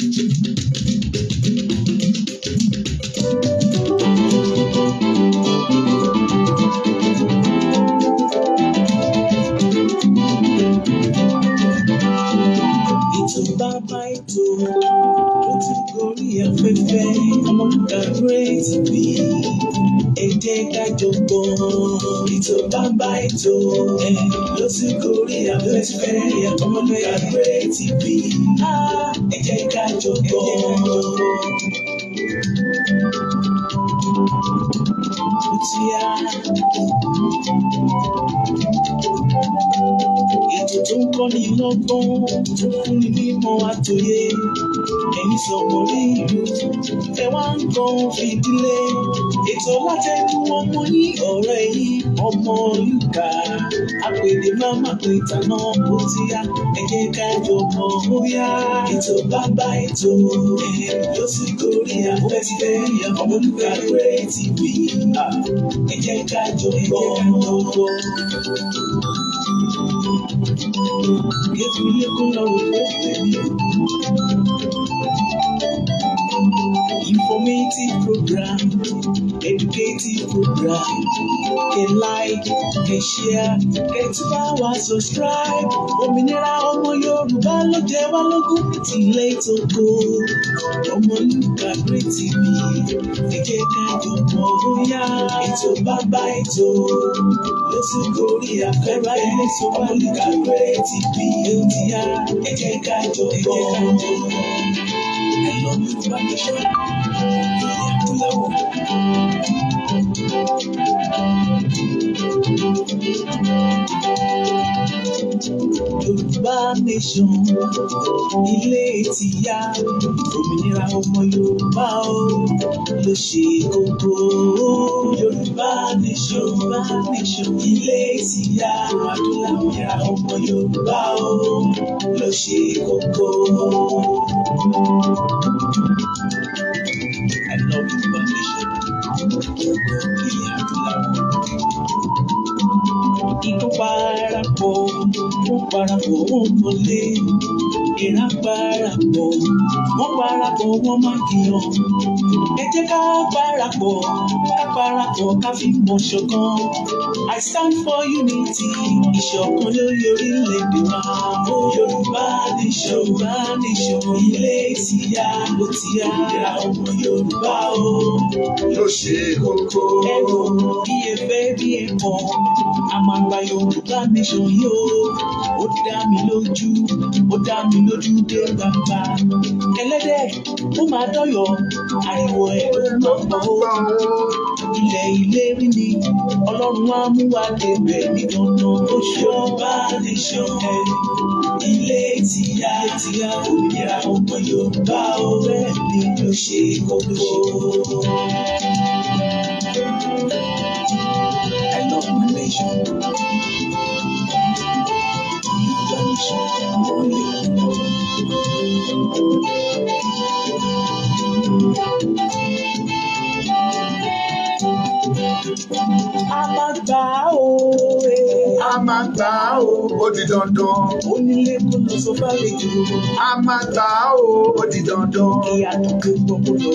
Eh, fẹ́fẹ́ kàwé ojoojúmọ́. Tíá ètò tó ń kọ́ni lọ́gbọ́n tó fúnni mímọ̀ àtòyé ẹ̀yin sọ̀rọ̀ lé ìlú ẹ wá ń gan fìdílé ètò láti ọmọ yín ọ̀rẹ́ yín ọmọ Yorùbá pèdè mama pèta náà ó ti yá ẹ̀yẹ kájọ mọ̀ ó yá. ètò bàbá ètò ló sì gorí afẹ́fẹ́ Olúkàrẹ TV ẹ̀yẹ kájọ mọ̀ ó. Ètò ilé kó lọ wò ó tẹ̀lé. Informative program, educative program, can life dey share eighty power subscribe òmìnira ọmọ Yorùbá ló jẹ wá lógún tilé tókó Ọmọlúkà Great TV ẹ jẹ́ ká jọ mọ̀ bóyá ètò bàbá ètò ló sì gorí afẹ́fẹ́ ètò Ọmọlúkà Great TV ẹ ó ti yá ẹ jẹ́ ká jọ gbọ́ ẹ lọ Yorùbá nation lórí àdúláwọ̀. nation ilé tìyá òmìnira ọmọ yorùbá o ló ṣe kókó yorùbá nation ilé tìyá òmìnira ọmọ yorùbá o ló ṣe kókó. I love Yorùbá nation. Ìkópa ẹranko. para o mundo ler. ìran parapọ̀ wọ́n parapọ̀ wọ́n má jiyàn. ẹ jẹ́ ká parapọ̀ ká parapọ̀ ká fi mọ̀ ṣọ̀kan. I stand for unity ìṣọ̀kan lórí orílẹ̀-èdè wa. Yorùbá nìṣọ̀ Yorùbá nìṣọ̀ ilé ti yá ó ti yá ọmọ Yorùbá o. ló ṣe kókó. ẹ̀rọ bí ẹ fẹ́ bí ẹ mọ̀ àmàgbà Yorùbá nìṣọ̀ yìí ó dá mi lójú ó dá mi lójú dé gbangba ẹlẹ́dẹ̀ ó máa dọ́yọ̀ ariwo ẹ̀ ló máa gbọ́ ilẹ̀ ilé rí ni ọlọ́run á mú wa débẹ̀ ní dandan ó ṣe ọba lè ṣe ọ̀rẹ́ ilé tìyá tìyá òmìnira ọmọ Yorùbá ọ̀rẹ́ mi ló ṣe kókó. I love my nation. Thank you. a máa gbà ó. a máa gbà ó ó di dandan. onílé kò lọ sọ fàlejò. a máa gbà ó ó di dandan. ìyá tó ké gbọ́ kó lọ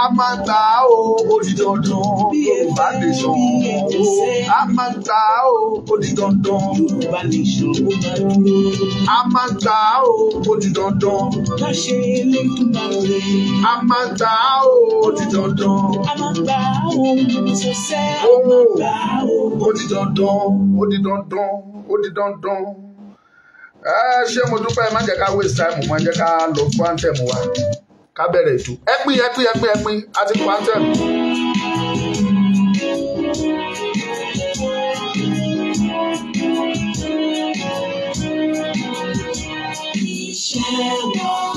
a máa gbà ó ó di dandan. yorùbá lè sàn ó. a máa gbà ó ó di dandan. yorùbá lè sàn ó máa dúró. a máa gbà ó ó di dandan. ká ṣe eléyìí máa rè. a máa gbà ó ó di dandan. a máa gbà ó sọsẹ́ wò ó di dandan ó di dandan ó di dandan ẹ ṣé mo dúpẹ́ má jẹ́ ká waste time mo jẹ́ ká lọ fún anthem wa ká bẹ̀rẹ̀ ètò ẹ pín ẹ pín ẹ pín ẹ pín a ti fún anthem. Share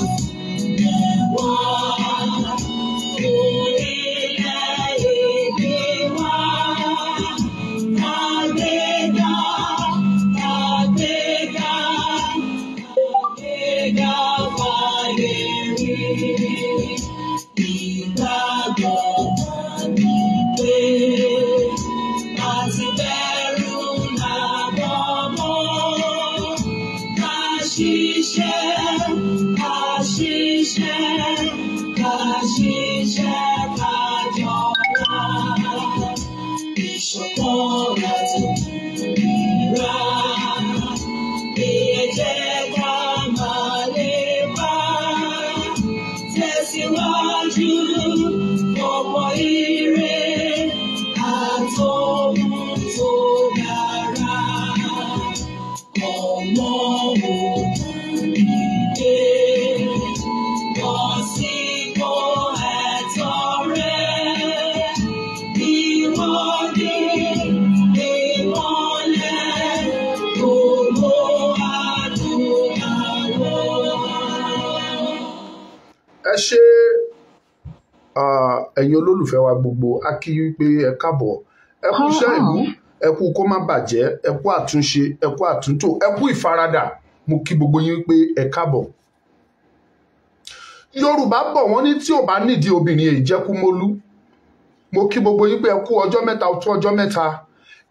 ẹ̀yin olólùfẹ́ wa gbogbo a kí yín pé ẹ káàbọ̀ ẹ kú iṣẹ́ ìlú ẹ kú kó má bàjẹ́ ẹ kú àtúnṣe ẹ kú àtúntò ẹ kú ìfaradà mo kí gbogbo yín pé ẹ káàbọ̀. yorùbá bọ̀ wọ́n ní tí ò bá nídìí obìnrin èyí jẹ́kú mólú mo kí gbogbo yín pé ẹ kú ọjọ́ mẹ́ta ó ọjọ́ mẹ́ta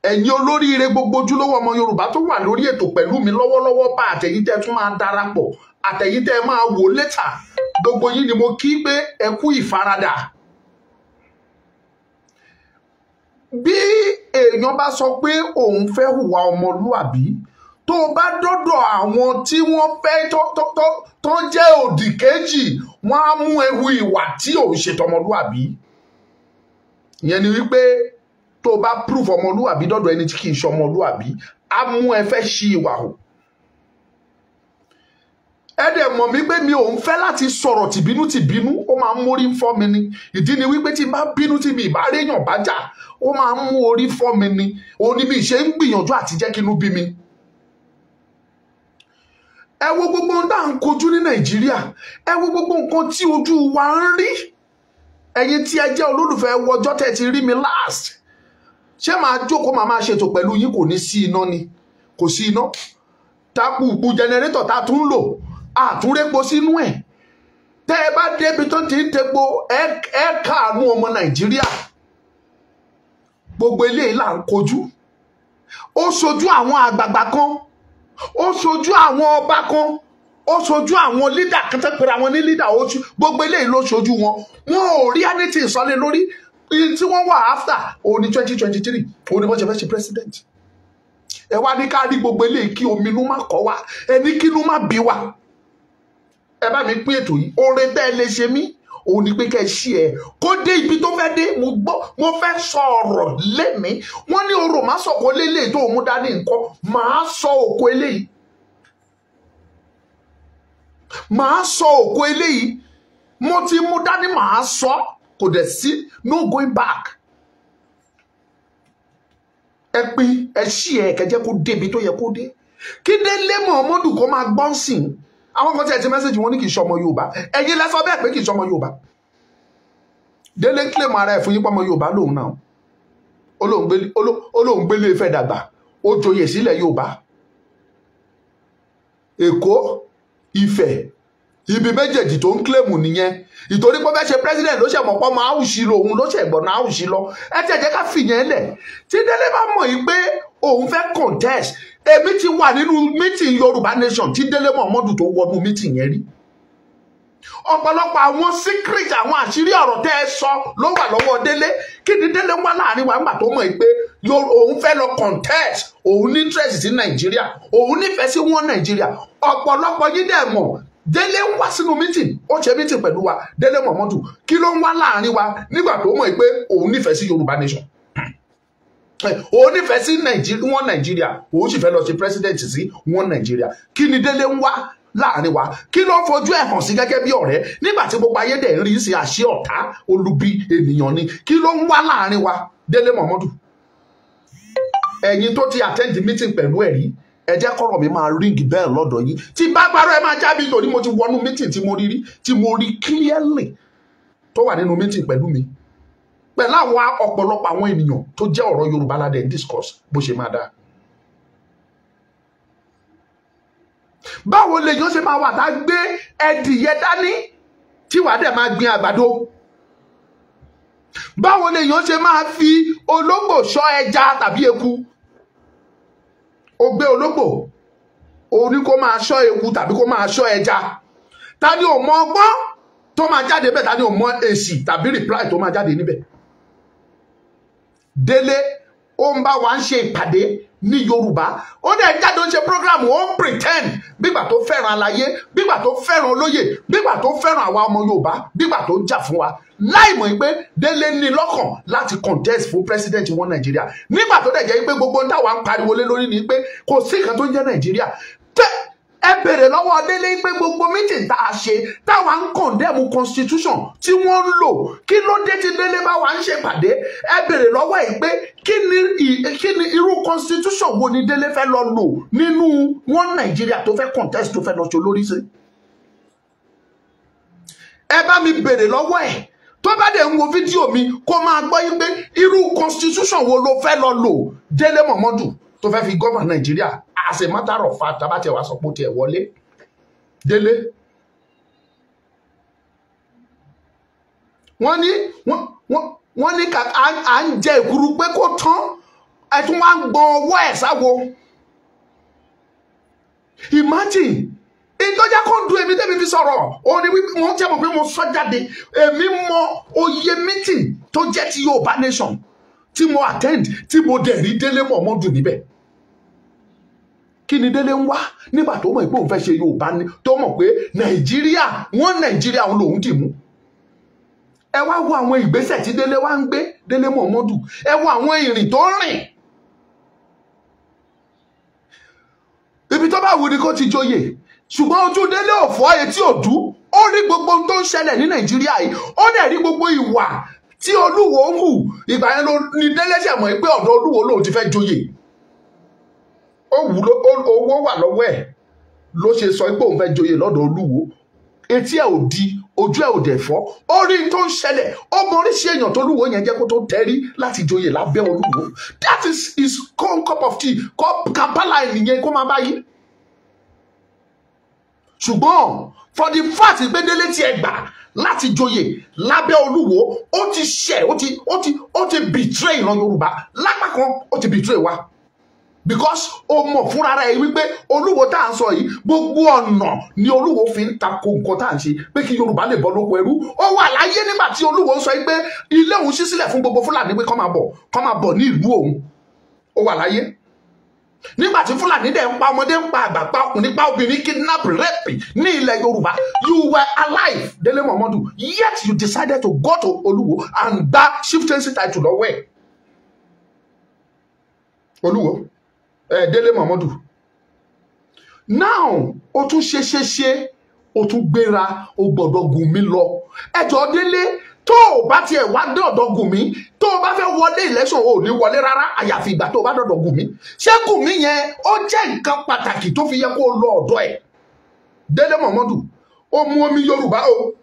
ẹ̀yin olóríire gbogbo ojúlówó ọmọ yorùbá tó wà lórí ètò pẹ̀lú mi lọ́wọ́lọ́wọ́ bá àtẹ̀yìntẹ́ tún máa darapọ̀ àtẹ̀yìntẹ́ máa wò létà gbogbo yín ni mo kí pé ẹ ìfaradà bí èèyàn bá sọ pé òun fẹ́ hùwà ọmọlúàbí tó bá dọ́dọ̀ àwọn tí wọ́n fẹ́ tó jẹ́ òdì kejì wọ́n á mú ewu ìwà tí òun ṣe tọmọlúàbí ìyẹn ni wípé tó bá prove ọmọlúàbí dọ́dọ̀ ẹni tí kì í ṣe ọmọlúàbí á mú ẹ fẹ́ ṣí ìwà hù ẹ dẹ̀ mọ̀ mí pé mi ò ń fẹ́ láti sọ̀rọ̀ tìbínú ó máa ń mórí fọ́ mi ni ìdí ni wípé tí n bá bínú tí mi ì réèyàn bá jà ó máa ń mú orí fọ́ mi ni òun ni mi ṣe ń gbìyànjú àti jẹ́ kí inú bí mi ẹ wo gbogbo ohun tá à ń kojú ní nàìjíríà ẹ wo gbogbo nǹkan tí ojú wa ń rí ẹ̀yin tí ẹ jẹ́ olólùfẹ́ wọjọ́ tẹ́ ti rí mi last ṣé màá jókòó màá máa ṣètò pẹ̀lú yín kò ní sí iná ni kò sí iná tápù bu jẹnẹrétọ̀ tá a tún lò àtúrépo sínú ẹ̀ tẹ́ ẹ bá débi tó ti ń tepo ẹ káàánú ọmọ nàìjíríà gbogbo eléyìí là ń kojú ó ṣojú àwọn àgbààgbà kan ó ṣojú àwọn ọba kan ó ṣojú àwọn lídà kan tẹ́ pèrè àwọn ní lídà ojú gbogbo eléyìí ló ṣojú wọn wọn ò rí anything sọlé lórí tí wọ́n wà after òní twenty twenty three òní wọ́n ṣe fẹ́ ṣe president ẹ wá ní ká rí gbogbo eléyìí kí omi inú má kọ́ wa ẹni kí inú má bí wa ẹ bá mi pín ètò yìí oore bẹ́ẹ̀ lè ṣe mí òun ni pé kẹ́ ẹ ṣí ẹ kó dé ibi tó fẹ́ dé mo gbọ́ mo fẹ́ sọ ọ̀rọ̀ lẹ́mìí wọ́n ní orò má sọ̀kọ́ lélẹ̀ tó mú dání nǹkan màá sọ òkò eléyìí màá sọ òkò eléyìí mo ti mú dání màá sọ kò dẹ̀ sí no going back ẹ pín ẹ ṣí ẹ kẹjẹ kó débi tó yẹ kó dé kí délé mọ̀ọ́mọ́dù kó máa gbọ́n sìn àwọn kan tí ẹ ti mẹ́sẹ̀jì wọn ní kì í ṣọmọ Yorùbá ẹ̀yin lẹ sọ bẹ́ẹ̀ pé kì í ṣọmọ Yorùbá Délé ń kílèmù ara ẹ̀ fún yín pọ́mọ Yorùbá lòun náà olóhùn gbélé Ifẹ̀ dàgbà ó joyè sílẹ̀ Yorùbá Èkó Ifẹ̀ ibi méjèèjì tó ń kílèmù nìyẹn ìtorí pé bẹ́ẹ̀ ṣe president ló ṣe mọ̀ pọ́ máa ń ṣí lo òun ló ṣe gbọ̀n náà ń ṣí lọ ẹ tẹ̀ jẹ́ ká fìyẹn lẹ̀ tí Délé bá mọ̀ yìí pé òun fẹ́ contest èmi ti wà nínú mítìn yorùbá nation tí délé mọ̀mọ́dù tó wọnú mítìn yẹn rí ọ̀pọ̀lọpọ̀ àwọn secret àwọn àṣírí ọ̀rọ̀ tẹ́ ẹ sọ ló wà lọ́wọ́ délé kí ni délé wá láàrin wa nígbà tó mọ̀ pé òun fẹ́ lọ contest òun ní interest sí nàìjíríà òun nífẹ̀ẹ́ sí wọn nàìjíríà ọ̀pọ̀lọpọ̀ yín dẹ̀ mọ̀ délé ń wá sínú meeting ó ṣe mítìn pẹ̀lú wa délé mọ̀mọ́dù kí ló ń wá láàrin wa nígbà tó mọ̀ pé òun nífẹ̀ẹ́ sí yorùbá nation òun nífẹ̀ẹ́ sí wọ́n nàìjíríà òun sì fẹ́ lọ ṣe pírẹ́sídẹ̀ǹtì sí wọ́n nàìjíríà kí ni délé ń wá láàrin wa kí ló ń fojú ẹ̀ hàn sí gẹ́gẹ́ bí ọ̀rẹ́ nígbà tí gbogbo ayé dẹ̀ ń rí sí àṣẹ ọ̀tá olubi ènìyàn ni kí ló ń wá láàrin wa délé mọ̀mọ́dù ẹ̀yin tó ti attend meeting pẹ̀lú ẹ̀rí ẹ jẹ́ kọ́rọ̀ mi máa ring bell lọ́dọ̀ yín tí bá parọ́ ẹ máa jábí torí mo ti wọnú meeting tí mo rí rí tí mo rí clearly tó wà nínú meeting pẹ̀lú mi pẹ̀lú àwọn ọ̀pọ̀lọpọ̀ àwọn ènìyàn tó jẹ́ ọ̀rọ̀ Yorùbá ládẹ́ discourse bó ṣe máa dáa. báwo lèèyàn ṣe máa wà tá a gbé ẹdìyẹ dání tí wàá dẹ̀ máa gbin àgbàdo báwo lèèyàn ṣe máa fi ológbò ṣọ́ ẹja tàbí eku o gbé ológbò o ní kó máa ṣọ́ eku tàbí kó máa ṣọ́ ẹja ta ni ò mọ ọgbọ́n tó máa jáde bẹ́ẹ̀ ta ni ò mọ èsì tàbí reply tó máa jáde níbẹ̀ délé ó ń bá wa ń ṣe ìpàdé ní yorùbá ó dẹ̀ jáde ó ń ṣe program ó ń pretend bígbà tó fẹ́ràn aláyé bígbà tó fẹ́ràn olóyè bígbà tó fẹ́ràn àwa ọmọ yorùbá bígbà tó ń jà fún wa láì mọ̀ pé délé ní lọ́kàn láti contest fún president wọn nàìjíríà nígbà tó dẹ̀ jẹ́ pé gbogbo ń táwa ń pariwo lé lórí ni pé kò sí nǹkan tó ń jẹ́ nàìjíríà ẹ bèrè lọ́wọ́ délé pé gbogbo meeting tá a ṣe táwa ń condemn constitution tí wọ́n ń lò kí ló dé tí délé bá wa ń ṣe pàdé ẹ bèrè lọ́wọ́ ẹ̀ pé kí ni irú constitution wo ni délé fẹ́ lọ lò nínú wọn nàìjíríà tó fẹ́ contest tó fẹ́ lọ ṣe olórí sí. ẹ bá mi bèrè lọ́wọ́ ẹ̀ tó bá dẹ̀ ń wo fídíò mi kó máa gbọ́ yín pé irú constitution wo ló fẹ́ lọ lò délé mọ̀mọ́dù tó fẹ́ fi gọ́và nàìjíríà as a matter of fact tabatẹ̀ wá sọ pé ó tiẹ̀ wọlé délé. wọ́n ní wọ́n ní ká à ń jẹ ìkúrú pé kó tán ẹ tún wá ń gbọ́n ọwọ́ ẹ̀ sáwo. imagine ìtọ́já kò dùn èmi tẹ́mi fi sọ̀rọ̀ ó ní wípé wọ́n tẹ́ mọ̀ pé mo sọ jáde èmi mọ oyè meeting tó jẹ́ ti Yorùbá nation tí mo attend tí mo dẹ̀ rí délé mọ̀ mọ́ dùn níbẹ̀ kí ni délé ń wá nígbà tó mọ̀ pé òun fẹ́ ṣe yorùbá ni tó mọ̀ pé nàìjíríà wọ́n nàìjíríà òun lòun dì mú ẹ wá wo àwọn ìgbésẹ̀ tí délé wá ń gbé délé mọ̀mọ́dù ẹ wo àwọn ìrìn tó rìn ibi tó bá wù ni kó ti joyè ṣùgbọ́n ojú délé ò etí òdú ó rí gbogbo ohun tó ń ṣẹlẹ̀ ní nàìjíríà yìí ó dẹ̀ rí gbogbo ìwà tí olúwo ń hù ìgbà yẹn ni délé ṣẹ̀mọ́ pé ọ̀dọ̀ olúwo lòun ti fẹ́ joyè owó wà lọ́wọ́ ẹ̀ ló ṣe sọ pé òun fẹ́ joyè lọ́dọ̀ olúwo etí ẹ̀ ò di ojú ẹ̀ ò dẹ̀ fọ́ ó rí tó ń ṣẹlẹ̀ ó mọ oríṣi èèyàn tó lúwo yẹn jẹ́ kó tó tẹ́rí láti joyè lábẹ́ olúwo that is his own cup of tea kàbálà ènìyàn kó máa bá yí ṣùgbọ́n for the fact pé délé ti ẹ̀ gbà láti joyè lábẹ́ olúwo ó ti ṣẹ̀ ó ti ó ti ó ti betray ìran yorùbá lápá kan ó ti betray wa because o mọ̀ fúnra rẹ̀ wípé olúwo tá à ń sọ yìí gbogbo ọ̀nà ni olúwo fi ń tako nǹkan tá à ń ṣe pé kí yorùbá lè bọ́ lóko ẹrú ó wà láyé nígbà tí olúwo ń sọ yìí pé ilé òun ṣí sílẹ̀ fún gbogbo fúlàní pé kọ́ máa bọ̀ kọ́ máa bọ̀ ní ìlú òun ó wà láyé nígbà tí fúlàní dẹ̀ ń pa ọmọdé ń pa àgbà pa ọkùnrin pa obìnrin kidnap rape ní ilẹ̀ yorùbá you were alive délé mọ̀mọ́dù yet you decided to go to olúwo and gba chieftaincy title lọ́wọ́ ẹ̀ olúwo ẹ eh, délé Momodu now o tún ṣe ṣe ṣe o tún gbéra o gbọ́dọ̀ Gumi lọ ẹjọ délé tó o bá tiẹ̀ wá dọ̀dọ̀ Gumi tó o bá fẹ́ wọlé election o ò ní wọlé rárá àyàfi ìgbà tó o bá dọ̀dọ̀ Gumi ṣé Gumi yẹn ó jẹ́ nǹkan pàtàkì tó fi yẹ kó o lọ ọ̀dọ̀ ẹ̀ délé Momodu ó omi Yorùbá o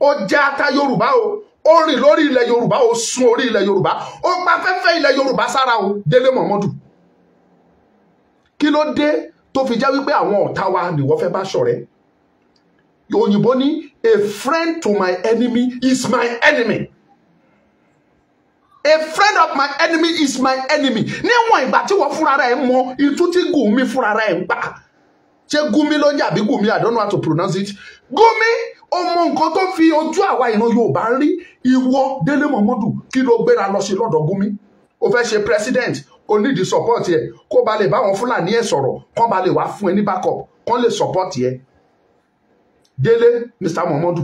ó jẹ́ ata yoruba o ó rìn lórí ilẹ̀ Yorùbá o sun orí ilẹ̀ Yorùbá ó pa fẹ́fẹ́ ilẹ̀ Yorùbá sára o délé Momodu kí ló dé tó fi já wípé àwọn ọ̀tá wa ni wọ́n fẹ́ bá ṣọ̀rẹ́ òyìnbó ní a friend to my enemy is my enemy a friend of my enemy is my enemy níwọ̀n ìgbà tí wọ́n fúnra rẹ̀ mọ itú tí Gumi fúnra rẹ̀ ń gbà ṣé Gumi ló ń yà bí Gumi I don't know how to pronounce it Gumi ó mọ nǹkan tó fi ojú àwa ìran Yorùbá rí ìwọ Délé Mọ̀mọ́dù kí ló gbéra lọ sí lọ́dọ̀ Gumi ó fẹ́ ṣe president o nídìí support yẹ kó ba lè báwọn fúlàní ẹ̀ sọ̀rọ̀ kán ba lè wá fún ẹ ní backup kán lè support yẹ délé mr muhammadu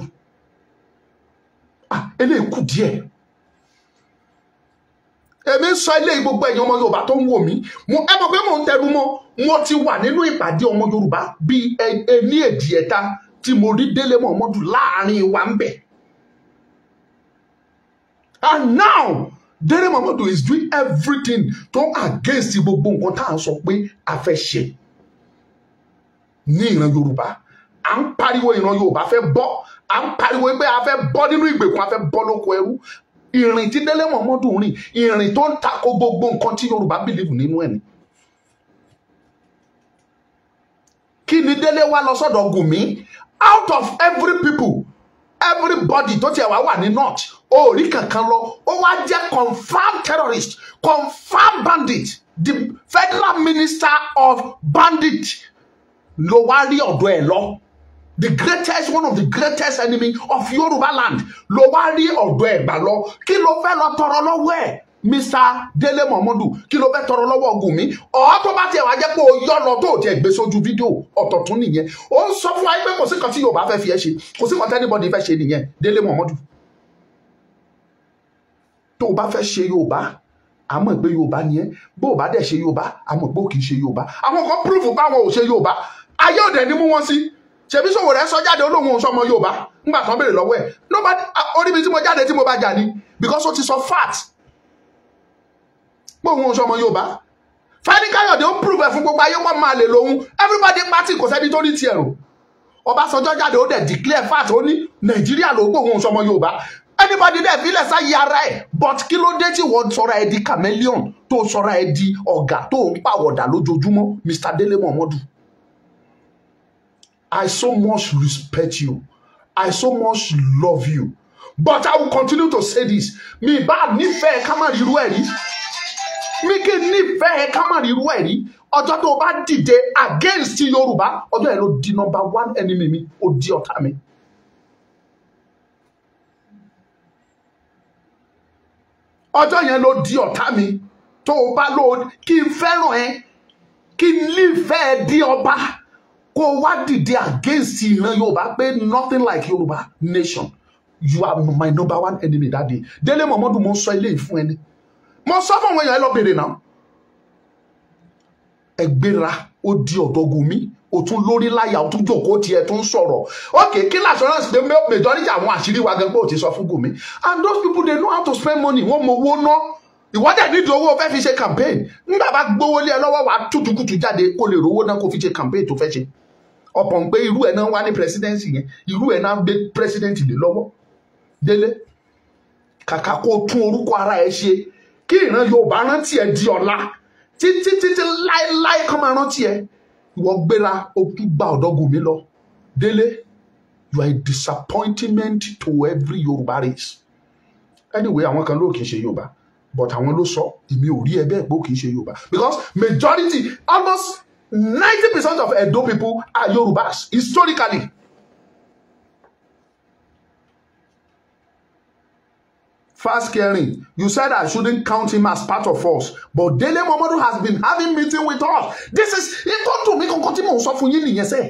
ah eléyìí kù díẹ̀ èmi sọ eléyìí gbogbo ẹ̀yin ọmọ yorùbá tó ń wò mí mo ẹ mọ̀ pé mò ń tẹnu mọ́ mo ti wà nínú ìpàdé ọmọ yorùbá bíi ẹni èdè ẹ̀ta tí mo rí délé muhammadu láàrin wa ń bẹ̀ and now Dere Momodu is doing everything to against gbogbo nǹkan tá à ń sọ pé a fẹ́ ṣe ní ìran Yorùbá à ń pariwo ìran Yorùbá fẹ́ bọ́ à ń pariwo pé a fẹ́ bọ́ nínú ìgbèkùn a fẹ́ bọ́ lóko ẹrú ìrìn tí Délé Momodu rìn ìrìn tó ń tako gbogbo nǹkan tí Yorùbá Believe nínú ẹ̀ ni. kí ni Délé wá lọ sọ́dọ̀ Gumi out of every people everybody tó tiẹ̀ wá wà ní north orí kankan lọ ó wá jẹ́ confam terrorist confam bandit the federal minister of bandit ló wá rí ọ̀dọ̀ ẹ̀ lọ the greatest one of the greatest enemy of Yoruba land ló wá rí ọ̀dọ̀ ẹ̀ gbà lọ kí ló fẹ́ lọ tọrọ lọ́wọ́ ẹ̀ Mr. Délé Momodu kí ló fẹ́ tọrọ lọ́wọ́ Gumi ọ̀ọ́ tó bá tiẹ̀ wá jẹ́ pé o yọ lọ tó tiẹ̀ gbé sójú fídíò ọ̀tọ̀ nìyẹn ó ń sọ fún wa pé kò sí kan tí Yorùbá fẹ́ fi ẹ́ ṣe kò sí kan tẹ́nibọ́dì fẹ́ ṣe nìyẹn Dele Momodu tó o bá fẹ́ ṣe Yorùbá àmọ́ ìgbé Yorùbá nìyẹn bó o bá dẹ̀ ṣe Yorùbá àmọ́ ìgbó kì í ṣe Yorùbá àwọn kan púrúfù báwọn ò ṣe Yorùbá ayé òde ni mú wọn sí ṣèbí sòwò rẹ sọ jáde olóhùn òun sọmọ Yorùbá ńgbà kan béèrè lọ́wọ́ ẹ orí mi tí mo jáde tí mo bá jà ni because ó ti sọ fact pé òun oṣù ọmọ Yorùbá Fani Káyọ̀dé ó ń prove ẹ̀ fún gbogbo ayé wọn máa lè lòun everybody party kò sẹ́ni tó ní tiẹ̀ o Ọbásanjọ́ jáde ó dẹ̀ declare fact ó ní Nàìjíríà ló pé òun oṣù ọmọ Yorùbá anybody dẹ̀ fílẹ̀ sáyé ara ẹ̀ but kí ló dé tí wọ́n sọra ẹ di chameleon tó sọra ẹ di ọ̀gá tó ń pàwọ̀dà lójoojúmọ́ Mr Dele Momodu I so much respect you I so much love you but I will continue to say this mi bá nífẹ̀ẹ́ ká má rí irú ẹ̀ rí wíkẹ́ nífẹ̀ẹ́ ká má rí irú ẹ̀ rí ọjọ́ tó bá dìde against yorùbá ọjọ́ yẹn ló di number one enemy mi ó di ọ̀tá mi. ọjọ́ yẹn ló di ọ̀tá mi tó o bá lò kí n fẹ́ràn ẹ kí n nífẹ̀ẹ́ di ọba kó o wá dìde against ìran yorùbá pé nothing like yorùbá nation you are my number one enemy that day délé mọ̀mọ́dún mo ń sọ eléyìí fún ẹni mo sọ fún àwọn èèyàn ẹ lọ bèrè náà ẹ gbéra ó di ọ̀dọ́gun mi ó tún lórí láyà ó tún jòkó tiẹ̀ tún sọ̀rọ̀ okay kí l'assurance pé majority àwọn àṣírí wa gan pé ò ti sọ fún Gumi and those people they know how to spend money wọ́n mọ owó ná ìwọ́dẹ̀ nídìí owó fẹ́ fi ṣe campaign nígbà bá gbówó lé ẹ lọ́wọ́ wàá tútùkùtù jáde kó lè rówó náà kó fi ṣe campaign tó fẹ́ ṣe ọ̀pọ̀n pé irú ẹ̀ náà wá ní presidency yẹn irú ẹ̀ náà gbé president lé lọ́wọ́ délé kàkà kó tún orúkọ ara ẹ ṣe kí ìran Yorùbá rántí ẹ di ọ̀la títí títí láéláé kán máa rántí ẹ ìwọ gbéra o gba ọ̀dọ́gùn lọ délé you are a disappointment to every Yorùbá race anyway àwọn kan ló kì í ṣe Yorùbá but àwọn ló sọ èmi ò rí ẹgbẹ́ ìpò kì í ṣe Yorùbá because majority almost ninety percent of Edo people are Yorùbás historically Fast caring. You said I shouldn't count him as part of us. But Dele Momodu has been having meeting with us. This is It don't ìtọ́ dùn mí kankan tí mò ń sọ fún yín nìyẹn sẹ́.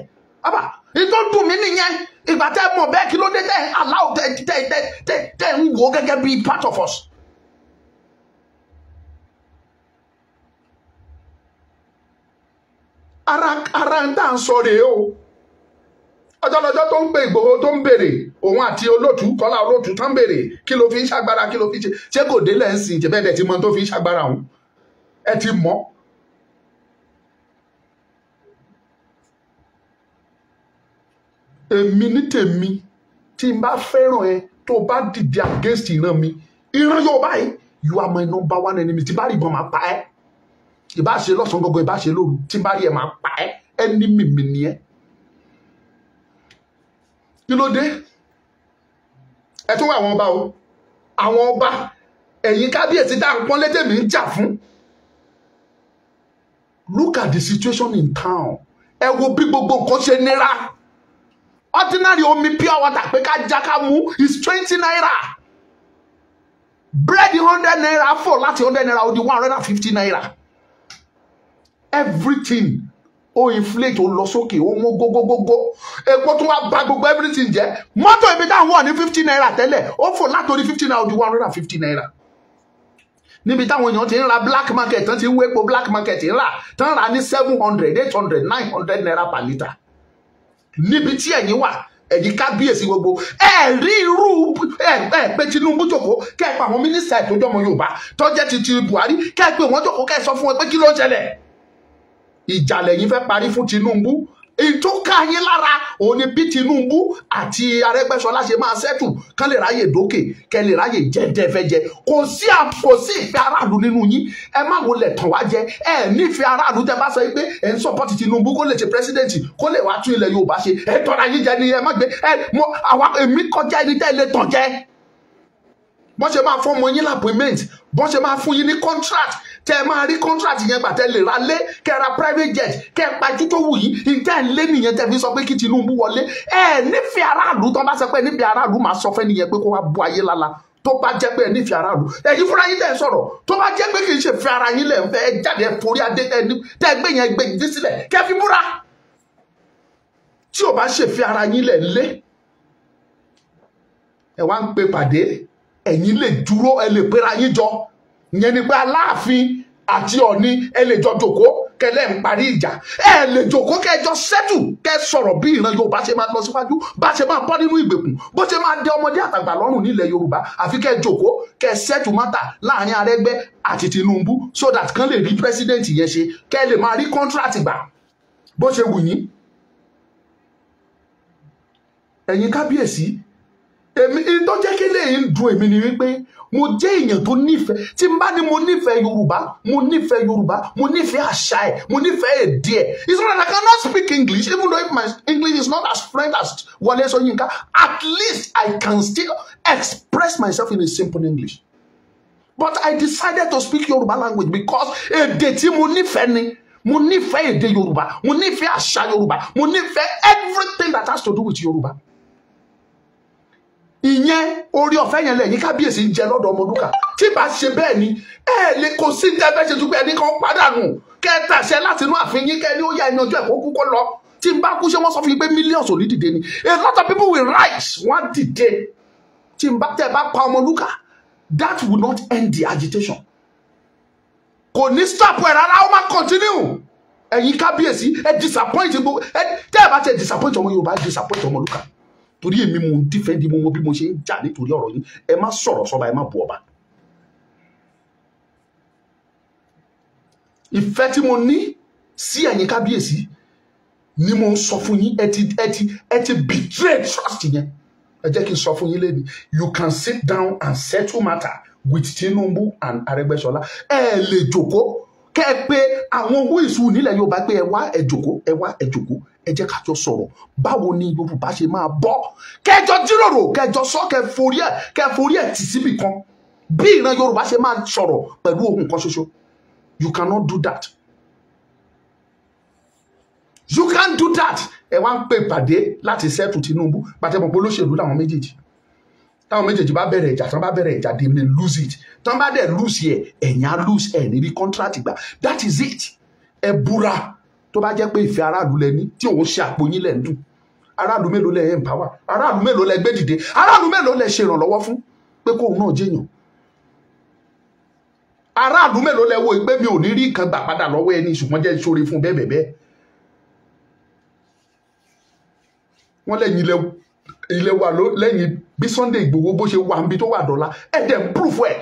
Bàbá ìtọ́ dùn mí nìyẹn. Ìgbà tẹ́ mọ̀ bẹ́ẹ̀ kí ló dé tẹ́ allow tẹ́ tẹ́ tẹ́ tẹ́ ń wò gẹ́gẹ́ bí part of us. Ara ara ń dà ń sọ rèé o ọjọ́lọ́jọ́ tó ń pe Ìgbòho tó ń béèrè òun àti olótú Kọ́lá olótú tó ń béèrè kí ló fi ń ṣàgbára kí ló fi ṣe ṣé kò délẹ̀ ń sìn jẹ́bẹ́ẹ̀ dẹ̀ ti mọ tó fi ń ṣàgbára òun ẹ ti mọ́. èmi ní tèmi tí n bá fẹ́ràn ẹ tó bá dìde against ìran mi ìran yóò báyìí you are my number one enemy tí bá rí ìbọn máa pa ẹ́ ìbá ṣe lọ́sàn-án gbogbo ìbá ṣe lóru tí bá rí ẹ máa pa ẹ́ enemy mi ni ẹ́ kí ló dé ẹ tún wá àwọn ọba o àwọn ọba ẹ̀yin kábíyèsí tá à ń pọ́n létèmí ń jà fún look at the situation in town ẹ wo bí gbogbo nǹkan ṣe nira ordinary omi pure water pé ká já ká mú is twenty naira Bread, hundred naira fò láti hundred naira ó di one hundred and fifty naira everything ó inflate ó lọ sókè ó mú gógógógó epo tún wá bà gbogbo everything jẹ́ mọ́tò ibi táwọn wọ̀ ní fifty naira tẹ́lẹ̀ ó fò látòrí fifty naira ó one hundred and fifty naira níbi táwọn èèyàn ti ń ra black market tán ti ń wépo black market ń rà tán rà ní seven hundred eight hundred nine hundred naira per litre níbi tí ẹ̀yin wà ẹ̀yin kábíyèsí gbogbo ẹ rí irú ẹ ẹ pé Tinubu jòkó kẹ́ ẹ pa àwọn mínísítà ìtòjọ́mọ Yorùbá tó jẹ́ ti ti Buhari kẹ́ ẹ pé wọ́n jòkó kẹ́ ẹ sọ fún wọn pé kí ló ń ṣẹlẹ̀ ìjàlẹ̀ yìí fẹ́ parí fún Tinubu ìtúkà yín lára òun ni bí Tinubu àti Arẹ́gbẹ́ṣọlá ṣe máa ṣẹ́tù kán lè ráyè dókè kẹ́ lè ráyè jẹ́ńtẹ́fẹ́jẹ kò sí kò sí ìfẹ́ aráàlú nínú yín ẹ má wo lẹ̀ tàn wá jẹ ẹ nífẹ̀ẹ́ aráàlú tẹ bá sọ pé ẹ ń sọpọ́tì Tinubu kó lè ṣe pírẹsidẹ́ǹtì kó lè wá tún ilẹ̀ Yorùbá ṣe ẹ tọ́ra yín jẹ ni ẹ má gbé ẹ mọ àwa èmi kọjá ẹni tẹ́ lè tàn jẹ bọ́n ṣe máa fọ́ ọmọ yín lápẹ́mẹ́ǹtì bọ́n ṣe máa fún yín ní contract tẹ ẹ máa rí contract yẹn gbà tẹ lè ra lé kẹ ra private jet kẹ ẹ pa tító wù yìí ìtẹ́ ẹ̀ ń lé nìyẹn tẹ fi sọ pé kí Tinubu wọlé ẹ nífẹ̀ẹ́ aráàlú tó bá sọ pé nífẹ̀ẹ́ aráàlú máa sọ fẹ́ nìyẹn pé kó wá bu ayé lala tó bá jẹ́ pé ẹ nífẹ̀ẹ́ aráàlú ẹ̀yin fúnra yín lẹ̀ ń sọ̀rọ̀ tó bá jẹ́ pé kì í ṣe fẹ́ ara yín lẹ̀ ń fẹ́ jáde ẹ̀ torí adé tẹ́ gbé yẹn gbé yìí sílẹ̀ kẹ́ fi búra tí ò bá ṣèfẹ́ ara yín lẹ̀ ń lé ẹ wá ń pe pàdé ẹ̀yin lè dúró ẹ lè pera yín jọ ìyẹn ni pé aláàfin àti ọ̀ni ẹ lè jọ jòkó kẹlẹ́ ń parí ìjà ẹ lè jòkó kẹjọ sẹ́tù kẹ sọ̀rọ̀ bí ìran Yorùbá ṣe máa lọ síwájú bá ṣe máa bọ́ nínú ìgbèkùn bó ṣe máa dẹ ọmọdé àtàgbà lọ́rùn nílẹ̀ Yorùbá àfi kẹ jòkó kẹ sẹ́tù mọ́tà láàrin Arẹ́gbẹ́ àti Tinubu so that kan lè rí president yẹn ṣe kẹ lè máa rí contract gbà bó ṣe wù yín ẹ̀yin kábíyèsí èmi tó jẹ́ kí lẹ́yìn dùn èmi ni wípé mo jẹ́ èèyàn tó nífẹ̀ẹ́ tí n bá ní mo nífẹ̀ẹ́ Yorùbá mo nífẹ̀ẹ́ Yorùbá mo nífẹ̀ẹ́ àṣà ẹ̀ mo nífẹ̀ẹ́ èdè ẹ̀ it's I cannot speak English even though my English is not as fluent as Wale Soyinka at least I can still express myself in a simple English but I decided to speak Yorùbá language because èdè tí mo nífẹ̀ẹ́ ni mo nífẹ̀ẹ́ èdè Yorùbá mo nífẹ̀ẹ́ àṣà Yorùbá mo nífẹ̀ẹ́ everything that has to do with Yorùbá ìyẹn orí ọ̀fẹ́ yẹn lẹ́yìn kábíyèsí ń jẹ lọ́dọ̀ Ọmọlúkà tí bá ṣe bẹ́ẹ̀ ni ẹ lè kó sí ní ẹgbẹ́ ṣe tún pé ẹni kan pàdánù kẹta ṣe láti inú ààfin yín kẹ ní ó yá ẹni ọjọ́ ẹ̀kọ́ kúkọ́ lọ tí n bá kú ṣé wọ́n sọ fún mi pé millions ò ní dìde ni a lot of people will rise wọ́n dìde tí n bá tẹ́ bá pa Ọmọlúkà that will not end the agitation kò ní stop ẹ̀ rárá ó máa continue ẹ̀yin kábíyèsí ẹ disappoint gbogbo ẹ tẹ́ ẹ bá tẹ́ disappoint ọmọ Yorùbá disappoint Ọmọlúkà torí èmi mo dífẹ́ndì mo mọ bí mo ṣe ń jà nítorí ọ̀rọ̀ yín ẹ má sọ̀rọ̀ sọ́ba ẹ má bu ọba. ìfẹ́ tí mo ní sí ẹ̀yin kábíyèsí ni mo ń sọ fún yín ẹ ti ẹ ti ẹ ti betray trust yẹn ẹ jẹ́ kí n sọ fún yín lẹ́nu you can sit down and settle matter with Tinubu and Arẹ́gbẹ́ṣọlá ẹ lè jòkó kẹ́ ẹ pé àwọn owó ìṣù nílẹ̀ Yorùbá pé ẹ wá ẹ jòkó ẹ wá ẹ jòkó ẹ jẹ́ kájọ sọ̀rọ̀ báwo ni yorùbá ṣe máa bọ́ kẹjọ jíròrò kẹjọ sọ kẹ ẹ kẹ ẹ tì síbì kan bí ìran yorùbá ṣe máa sọ̀rọ̀ pẹ̀lú ohun kan ṣoṣo you cannot do that you can do that ẹ wá ń pè pàdé láti ṣẹ́tù Tinubu pàtẹ́mọ̀ pé olóṣèlú làwọn méjèèjì táwọn méjèèjì bá bẹ̀rẹ̀ ìjà tán bá bẹ̀rẹ̀ ìjà they may lose it tán bá dẹ̀ lose yẹ ẹ̀yìn lose ẹ̀ níbi contract gbà that is it ẹ búra tó bá jẹ́ pé ìfẹ́ aráàlú lẹ ní tí òun ṣe àpò yín lẹ̀ ń dùn aráàlú mélòó lẹ empower aráàlú mélòó lẹ gbé dìde aráàlú mélòó lẹ ṣe ìrànlọ́wọ́ fún pé kóun náà jẹyàn aráàlú mélòó lẹ wo pé mi ò ní rí nǹkan gbà padà lọ́wọ́ ẹni ṣùgbọ́n jẹ́ ìṣòro fún bẹ́ẹ̀ bẹ́ẹ̀ wọ́n lẹ́yìn ilẹ̀ ilé wa ló lẹ́yìn bí Sunday Ìgbòho bó ṣe wà níbi tó wà dọ́là ẹ̀ dẹ̀ ń proof ẹ̀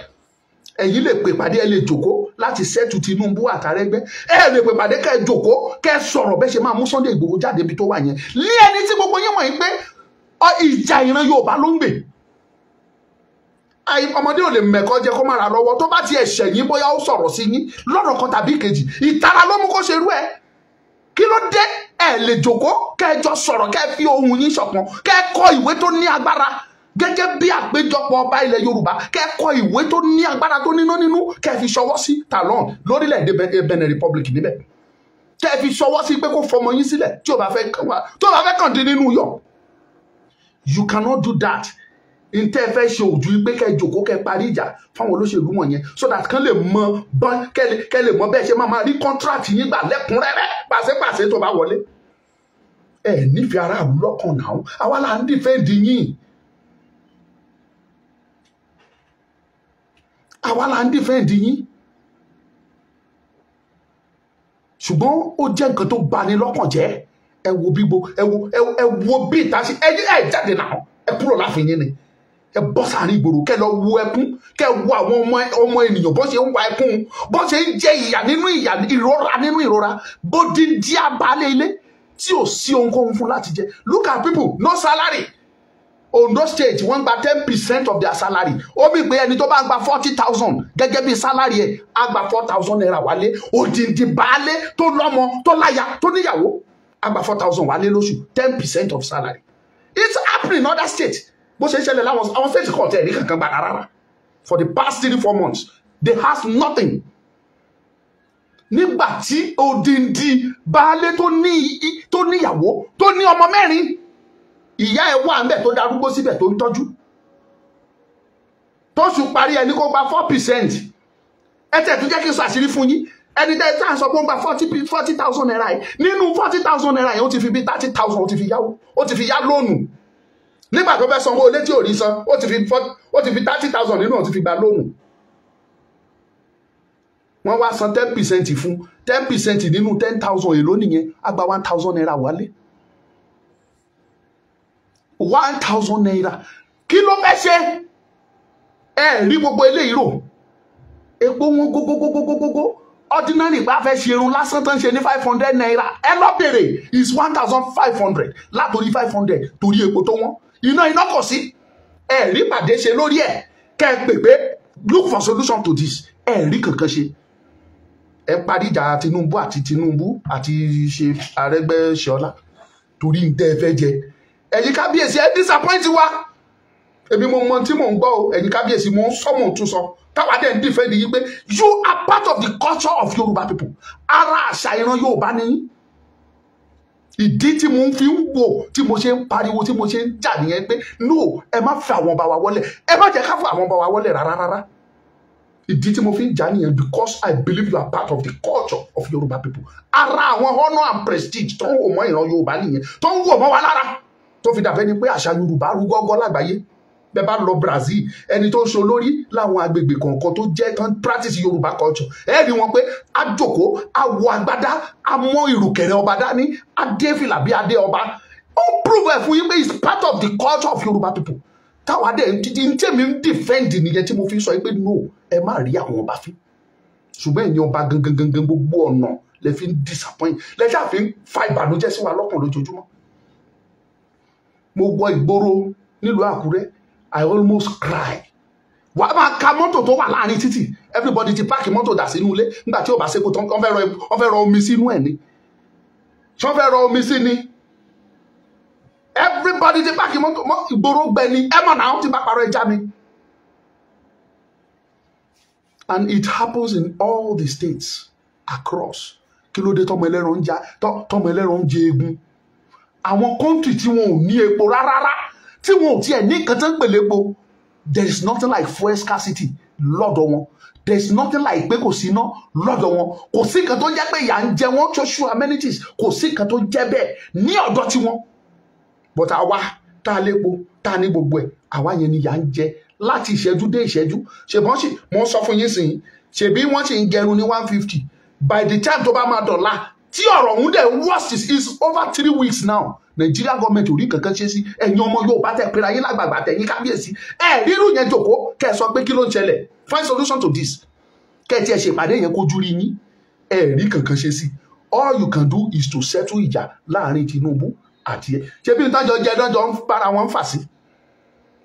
ẹ̀yìn lè pè pàdé ẹ̀ lè jòkó láti sẹ́tù Tinubu àtàrẹ́gbẹ́ ẹ lè pè pàdé kẹ́ ẹ jòkó kẹ́ ẹ sọ̀rọ̀ bẹ́ẹ̀ ṣe máa mú Sunday Ìgbòho jáde ibi tó wà yẹn ní ẹni tí gbogbo yín mọ̀ yín pé ìjà ìran Yorùbá ló ń gbè ọmọdé ò lè mẹ̀kọ́ jẹ kó má ra lọ́wọ́ tó bá ti ẹ̀ṣẹ̀ yín bóyá ó sọ̀rọ̀ sí yín lọ́rọ̀ kan tàbí kejì ìtara ló mú kó ṣe rú ẹ kí ló dé ẹ lè jòkó kẹ́ jọ sọ̀rọ̀ kẹ́ fi ohùn yín ṣọ̀kan kẹ́ kọ ìwé tó ní agbára gẹ́gẹ́ bí àgbéjọpọ̀ ọba ilẹ̀ yorùbá kẹ́kọ̀ọ́ ìwé tó ní agbára tó níná nínú kẹ́ fi ṣọwọ́ sí talon lórílẹ̀‐èdè benin republic níbẹ̀ kẹ́ fi ṣọwọ́ sí pé kó fọmọ yín sílẹ̀ tí ò bá fẹ́ kàn dín nínú yọ you cannot do that ntẹ́ fẹ́ ṣe òjú pé kẹ́ jòkó kẹ́ parí ìjà fáwọn olóṣèlú wọ̀nyẹn so that kán lè mọ bọ́n kẹ́ lè mọ bẹ́ẹ̀ ṣe máa máa rí contract yín gbà lẹ́kùnrẹ́rẹ́ pàṣẹpàṣẹ tó bá wọlé ẹ nífẹ̀ẹ́ aráàlú lọ́kàn náà àwa là ń dìfẹ́ǹdì yín àwa là ń dífẹ́ǹdì yín ṣùgbọ́n ó jẹ́ nǹkan tó bani lọ́kàn jẹ́ ẹ wo bí gbo ẹ wo ẹ wo bí ìta ṣe ẹ ẹ jáde náà ẹ kúrò láàfin yín ni ẹ bọ́ sàárín ìgboro kẹ lọ wo ẹkún kẹ wo àwọn ọmọ ọmọ ènìyàn bọ́ ṣe ń wa ẹkún bọ́ ṣe ń jẹ ìyà nínú ìyà ìrora nínú ìrora bó dín díà balẹ̀ ilé tí ò sí ohunkóhun fún láti jẹ look at people no salary Ondo state wọ́n gba ten percent of their salary Omi bí pé ẹni tó bá gba forty thousand gẹ́gẹ́ bí salary ẹ̀ á gba four thousand naira wálé òdìndì baálé tó lọ́mọ tó láya tó níyàwó á gba four thousand wálé lóṣù ten percent of salary it's happening in other states bó ṣe ń ṣẹlẹ̀ láwọn àwọn state court ẹ̀rí kankan gbà rárá for the past three four months they has nothing nígbà tí òdìndì baálé tó níyàwó tó ní ọmọ mẹ́rin ìyá ẹ wà ńbẹ̀ tó darúgbó síbẹ̀ tó ń tọ́jú tóṣù parí ẹni kó gba four percent ẹ tẹ̀ tún jẹ́ kí n sọ àṣírí fún yín ẹni tẹ́ tá à ń sọ pé ó ń gba forty thousand naira yìí nínú forty thousand naira yìí ó ti fi bí thirty thousand ó ti fi yáwó ó ti fi yá lóònù nígbà tó fẹ́ sanwó létí òrí san ó ti fi thirty thousand nínú ó ti fi gba lóònù wọ́n wá san ten percent fún ten percent nínú ten thousand èlò nìyẹn á gba one thousand naira wálé one thousand naira kí ló fẹ́ ṣe ẹ rí gbogbo eléyìí rò epo wọn gógógógógógó ordinary bá fẹ́ ṣe irun lásán tó ń ṣe ní five hundred naira ẹ lọ bèrè is one thousand five hundred látòrí five hundred torí epo tó wọ́n iná iná kò sí ẹ rí pàdé ṣe lórí ẹ kẹ pè pé look for solution to this ẹ rí kankan ṣe ẹ parí ìjà Tinubu àti Tinubu àti ṣe Arẹ́gbẹ́ṣọlá torí ń tẹ́ ẹ fẹ́ jẹ ẹ̀yin kábíyèsí ẹ disappoint wa èmi mo mọ tí mò ń gbọ́ o ẹ̀yin kábíyèsí mo ń sọ mò ń tún sọ táwa dẹ̀ ń dìfẹ́ nìyí pé you are part of the culture of Yorùbá people ara àṣà ìran Yorùbá ni ìdí tí mo fi ń wò tí mo ṣe ń pariwo tí mo ṣe ń jà nìyẹn pé no ẹ má fi àwọn ọba wa wọlẹ̀ ẹ má jẹ́ ká fún àwọn ọba wa wọlẹ̀ rárá rárá ìdí tí mo fi ń jà nìyẹn because I believe you are part of the culture of Yorùbá people ara àwọn honour and prestige tó ń wò mọ́ ìran Yorùbá nìyẹn tó ń wò mọ́ wa lára tó fi dàbẹ́ ni pé àṣà yorùbá rú gọ́gọ́ lágbàáyé bẹ́ẹ̀ bá lọ brazil ẹni tó ń ṣe olórí láwọn agbègbè kọ̀ọ̀kan tó jẹ́ tán practice yorùbá culture ẹ wọn pé a jókòó a wọ agbádá a mọ ìrùkẹ̀rẹ̀ ọba dání a bí a ọba ó ń prove ẹ̀ fún yín pé it's part of the culture of yorùbá people táwa dẹ̀ ń tèmi ń defend nìyẹn tí mo fi sọ pé no ẹ má rí àwọn ọba fín ṣùgbọ́n ẹ̀yin ọba gangan gangan gbogbo ọ̀nà lè fi disappoint lè ṣáà fa ìbànújẹ́ sí wa lọ́kàn lójoojúmọ́ mo wọ ìgboro nílùú àkúrẹ́ i almost cry wàá máa ka mọ́tò tó wà láàrin títì everybody ti páàkì mọ́tò dà sínú ilé nígbà tí ò bá sépo tán wọ́n fẹ́ rọ omi sínú ẹ̀ ni wọ́n fẹ́ rọ omi sí ni everybody ti páàkì mọ́tò ìgboro gbẹ ni ẹ mọ̀ náà ti bá parọ́ ẹja mi. and it happens in all the states across kí ló dé tọmọ ẹlẹ́ran ń jẹ egun àwọn kọ́ńtì tí wọn ò ní epo rárá tí wọn ò tiẹ̀ ní nǹkan tó ń pèlè epo there is nothing like fuel scarcity lọ́dọ̀ wọn there is nothing like pé kò sí iná lọ́dọ̀ wọn kò sí nǹkan tó jẹ́ pé ìyà ń jẹ wọ́n social amenities kò sí nǹkan tó jẹ́ bẹ́ẹ̀ ní ọ̀dọ̀ tiwọn but àwa tá a lépo tá a ní gbogbo ẹ̀ àwa yẹn ni ìyà ń jẹ láti ìṣẹ́jú dé ìṣẹ́jú ṣèbọn sì mo sọ fún yín sìn ṣèbí wọ́n sì ń gẹrun ní one fifty by the time tó bá máa dọ̀la tí ọ̀rọ̀ ọ̀hún dẹ̀ worst is over three weeks now nàìjíríà gọọmenti ò rí kankan ṣe sí ẹ̀yin ọmọ yorùbá tẹ̀ pera yín lágbàgbà tẹ̀yìn kábíyèsí ẹ̀ rírú yẹn jòkó kẹ́ ẹ sọ pé kí ló ń ṣẹlẹ̀ find solution to this kẹ́ ẹ tiẹ̀ ṣèpàdé yẹn kójú rí yín ẹ̀ rí kankan ṣe sí all you can do is to settle ìjà láàrin tinubu àti ẹ ṣé bí nǹkan jọ jẹ dánjọ ń bára wọn fà sí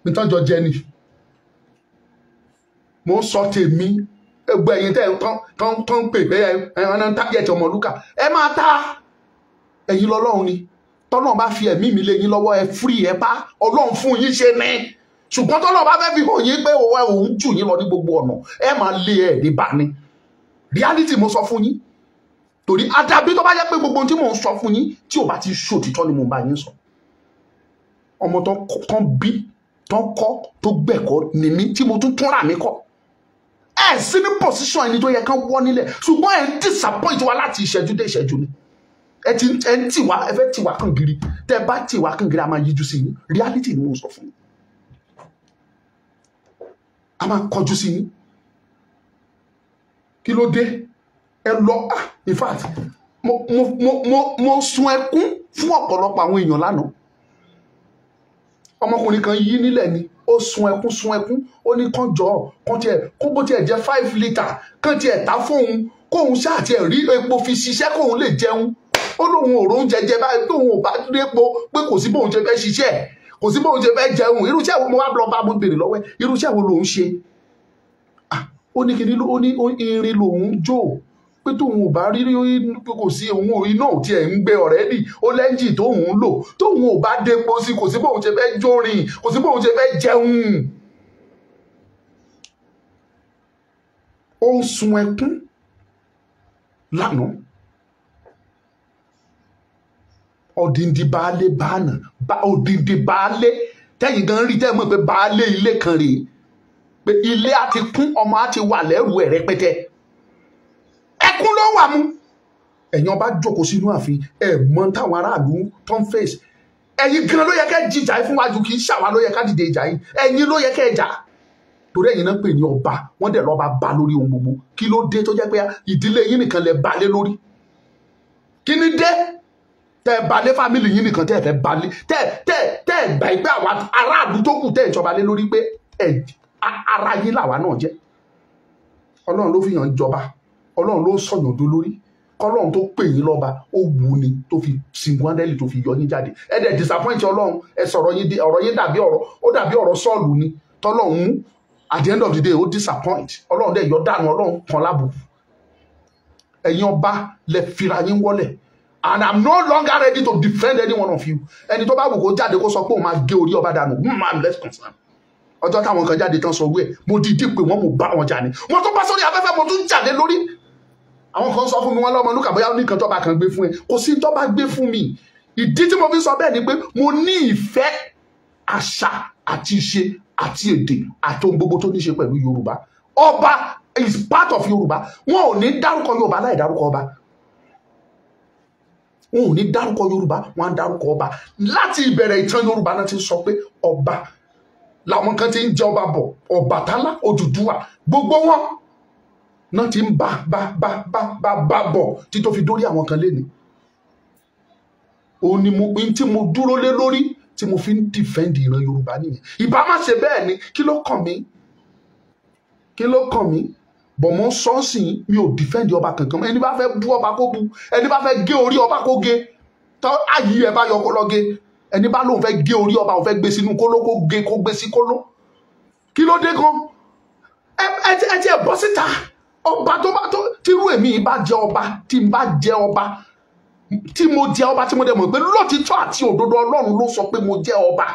nǹkan jọ jẹ ni mo sọ tèmi gbogbo ẹ̀yin tẹ́ tó ń pè bẹ́ẹ̀ ẹ̀hán ń tágẹ̀tì ọmọlúkà ẹ máa ta ẹ̀yin lọ́lọ́run ni tọ́lọ́run bá fi ẹ̀mí mi lé yín lọ́wọ́ ẹ fúri ẹ bá ọlọ́run fún yín ṣe ní ṣùgbọ́n tọ́lọ́run bá fẹ́ fi hàn yín pé òun òun jù yín lọ ní gbogbo ọ̀nà ẹ máa lé ẹ̀ ní bá ní reality mo sọ fún yín torí àdàbí tó bá jẹ́ pé gbogbo ohun tí mò ń sọ fún yín tí ò bá ti ṣòtítọ́ ni mo bá yín sọ ọmọ tán bí tán kọ́ tó gbẹ̀kọ́ ni mí tí mo tún túnra mi kọ́ ẹ̀ sí ní position ẹni tó yẹ kán wọ́ nílẹ̀ ṣùgbọ́n ẹ̀ ń disappoint wa láti ìṣẹ́jú dé ìṣẹ́jú ni ẹ ti ẹ ń tì wá ẹ fẹ́ tì wá kàngiri tẹ́ ẹ bá tì wá kàngiri a máa yíjú sí yín reality ni mo sọ fún yín a máa kọjú sí yín kí ló dé ẹ lọ ah in fact mo mo mo mo sun ẹkún fún ọ̀pọ̀lọpọ̀ àwọn èèyàn lánàá ọmọkùnrin kan yí nílẹ̀ ni ó sun ẹkún sun ẹkún ó ní kán jọ kán tiẹ̀ kó bó tiẹ̀ jẹ́ five litre kán tiẹ̀ ta fóun kóun ṣáà tiẹ̀ rí epo fi ṣiṣẹ́ kóun lè jẹun ó lóun ò róúnjẹ jẹ báyìí tóun ò bá rí epo pé kò sí bóun ṣe fẹ́ ṣiṣẹ́ kò sí bóun ṣe fẹ́ jẹun irúṣẹ́ wo mo wá lọ bá mo béèrè lọ́wọ́ irúṣẹ́ wo lòun ṣe ó ní kiri ó ní irin lòun jò pé tóun ò bá rí pé kò sí òun iná ò tiẹ̀ ń gbẹ ọ̀rẹ́dì ó lẹ́jì tóun ń lò tóun ò bá depo sí kò sí bóun ṣe fẹ́ jórin kò sí bóun ṣe fẹ́ jẹun. ó ń sun ẹkún lánàá odindi baálé bánà odindi baálé tẹ́yìn gan rí tẹ́yìn mọ̀ pé baálé ilé kan rèé pé ilé á ti kún ọmọ á ti wà lẹ́rù ẹ̀ rẹpẹtẹ ẹkún ló wà mú ẹ̀yin ọba jókòó sínú ààfin ẹ̀ mọ táwọn aráàlú tó ń fèsì ẹ̀yin gan ló yẹ kẹ́ jìjà yìí fún wájú kì í ṣàwa ló yẹ ká dìde ìjà yìí ẹ̀yin ló yẹ kẹ́ jà torí ẹ̀yin náà pè ní ọba wọ́n dẹ̀ lọ́ba ba lórí ohun gbogbo kí ló dé tó jẹ́ pé ìdílé yín nìkan lẹ balẹ̀ lórí kí ni dé tẹ balẹ̀ fámìlì yín nìkan tẹ fẹ́ balẹ̀ tẹ tẹ tẹ gbà pé àwa aráàlú tó kù tẹ ìjọba lé lórí pé ara yín làwa náà jẹ́ ọlọ́run ló fi hàn jọba ọlọ́run ló sọ̀yàn dó lórí kọ́lọ́run tó pè yín lọ́ba ó wù ni tó fi singwandeli tó fi yọ yín jáde ẹ dẹ̀ disappoint ọlọ́run ẹ sọ̀rọ̀ yín ọ̀rọ̀ yín dàbí ọ̀rọ̀ ó dàbí ọ̀rọ̀ sọ́ọ̀lù ni tọ́lọ́run mú at the end of the day ó disappoint ọlọ́run dẹ̀ yọ dànù ọlọ́run kan lábùkù ẹ̀yin ọba lẹ fira yín wọlẹ̀ and i'm no longer ready to defend any one of you ẹni tó bá wù kó jáde kó sọ pé òun máa gé orí ọba dànù hmm i'm less concerned ọjọ́ táwọn kan jáde tán sọ wí ẹ̀ mo dìídì pé wọ́n mo bá wọn jà ni mo tún bá sórí afẹ́fẹ́ mo tún jà lé lórí àwọn kan sọ fún mi wọn lọ́mọ lúkà bóyá oníkan tó bá kan gbé fún ẹ kò sí tó bá gbé fún mi ìdí tí mo fi sọ bẹ́ẹ̀ ni pé mo ní ìfẹ́ àṣà àti ìṣe àti èdè àti ohun gbogbo tó ní ṣe pẹ̀lú Yorùbá ọba is part of Yorùbá wọn ò ní dárúkọ Yorùbá láì dárúkọ ọba wọn ò ní dárúkọ Yorùbá wọn á dárúkọ ọba láti ìbẹ̀rẹ̀ ìtàn Yorùbá náà ti sọ pé ọba làwọn kan ti ń jẹ ọba bọ̀ Ọbàtálá Odùduwà gbogbo wọn náà ti ń bá bá bá bá bá bá bọ̀ tí tó fi dórí àwọn kan léni òun ni mo tí mo dúró lé lórí tí mo fi ń dìfẹ́ǹdì ìran yorùbá nìyẹn ìbá má ṣe bẹ́ẹ̀ ni kí ló kàn mí kí ló kàn mí bọ̀mọ́ sọ́ọ̀sìn mi ò dìfẹ́ǹdì ọba kankan ẹni bá fẹ́ bú ọba kó bu ẹni bá fẹ́ gé orí ọba kó gé tọ́ àyè ẹ̀ bá yọ kó lọ gé ẹni bá lóun fẹ́ gé orí ọba òun fẹ́ gbé sínú kóló kó gé kó gbé sí kóló kí ló dé gan ẹ ẹ ti ẹ bọ́ síta ọba tó bá tó tírú èmi bá jẹ ọba tí n bá jẹ ọba tí mo jẹ ọba tí mo dẹ̀ mọ̀ pé lótìtọ́ àti òdodo ọlọ́run ló sọ pé mo jẹ ọba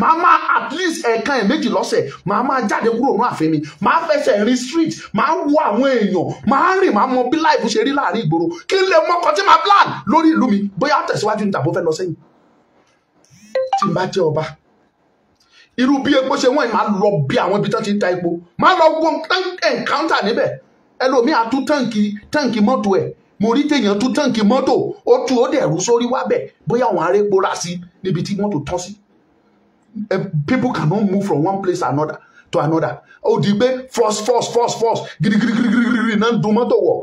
màá máa at least ẹ̀ẹ̀kan ẹ̀ méjì lọ́sẹ̀ màá máa jáde kúrò ní àfẹ́ mi màá fẹsẹ̀ rin street màá wo àwọn èèyàn màá rìn màá mọ bí life ṣe rí láàrin ìgboro kí n lè mọkọ tí màá plan lórí ìlú mi bóyá tẹ̀síwájú ní tàbó fẹ́ lọ sẹ́yìn tí n bá jẹ́ ọba irú bí epo ṣe wọ́n máa lọ bí àwọn ibi tán ti ń ta epo máa lọ wo ẹ̀ńkáńtà eh, níbẹ̀ ẹlòmíà tú táǹkì táǹkì mọ́tò ẹ̀ mo rí tú táǹkì mọ́tò ó tu ó dẹ̀rú sórí wábẹ̀ bóyá àwọn ará epo rà sí níbi tí mọ́tò tán sí eh, people cannot move from one place another to another ó di pé force force force force girigirigirigiri náà dùn mọ́tò wọ̀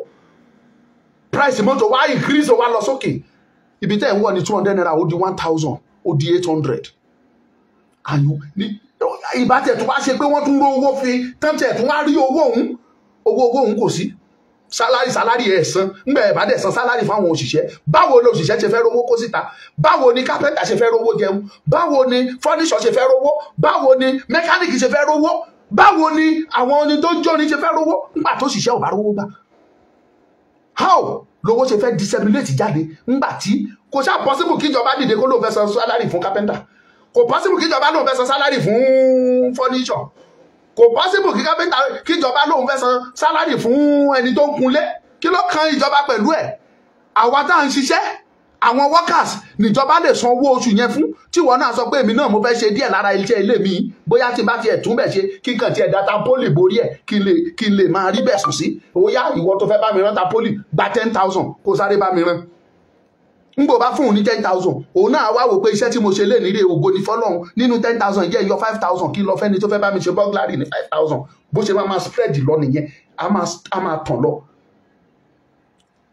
price mọ́tò wá increase wá lọ sókè ibi tẹ́ ẹ̀ ń wọ̀ ní two hundred naira ó di one thousand ó di eight hundred àyàn ní ìbátẹ̀ tó bá ṣe pé wọ́n tún ró owó fi tẹ́ǹtẹ̀ tó wá rí owó òun owó owó òun kò sí sálárì sálárì ẹ̀ san ńgbẹ̀ ẹ̀ san sálárì fáwọn òṣìṣẹ́ báwo ni òṣìṣẹ́ ṣe fẹ́ rówó kó síta báwo ni kápẹ́ńtà ṣe fẹ́ rówó jẹun báwo ni fọ́níṣọ̀ ṣe fẹ́ rówó báwo ni mẹkáníìkì ṣe fẹ́ rówó báwo ni àwọn oní tó ń ṣe fẹ́ rówó ńgbà tó ṣiṣẹ́ ò bá rówó gbà how lowó ṣe fẹ́ disseminate jáde ńgbà tí kò ṣáà possible kíjọba dìde kó lóun fẹ́ san sálárì fún kápẹ́ńtà kò pọ́sibù kíjọba lóun fẹ́ san sálárì fún fọ́níṣọ̀ kò pọ́sibù kíkápẹ́tà kíjọba lóun fẹ́ san sálárì fún ẹni tó ń kunlé kí ló kan ìjọba pẹ̀lú ẹ̀ àwa tá à ń ṣiṣẹ́ àwọn workers níjọba lè san owó oṣù yẹn fún tíwọ náà sọ pé èmi náà mo fẹ́ ṣe díẹ̀ lára iṣẹ́ ilé mi bóyá tí n bá tiẹ̀ tún bẹ̀ ṣe kí n kàn tiẹ̀ data poli borí ẹ̀ kí n lè kí n lè máa rí bẹ̀ sùn sí ó yá ìwọ tó fẹ́ bá mi rán ta poli gba ten thousand kó sáré bá mi rán ngbò bá fún òun ní ten thousand òun náà wá wò pé iṣẹ́ tí mo ṣe lè nílé ògo ní fọlọ́run nínú ten thousand jẹ́ ìyọ five thousand kí n lọ fẹ́ni tó fẹ́ bá mi ṣe burglary ní five thousand bó ṣe máa máa spread lọ nìyẹn a máa tàn lọ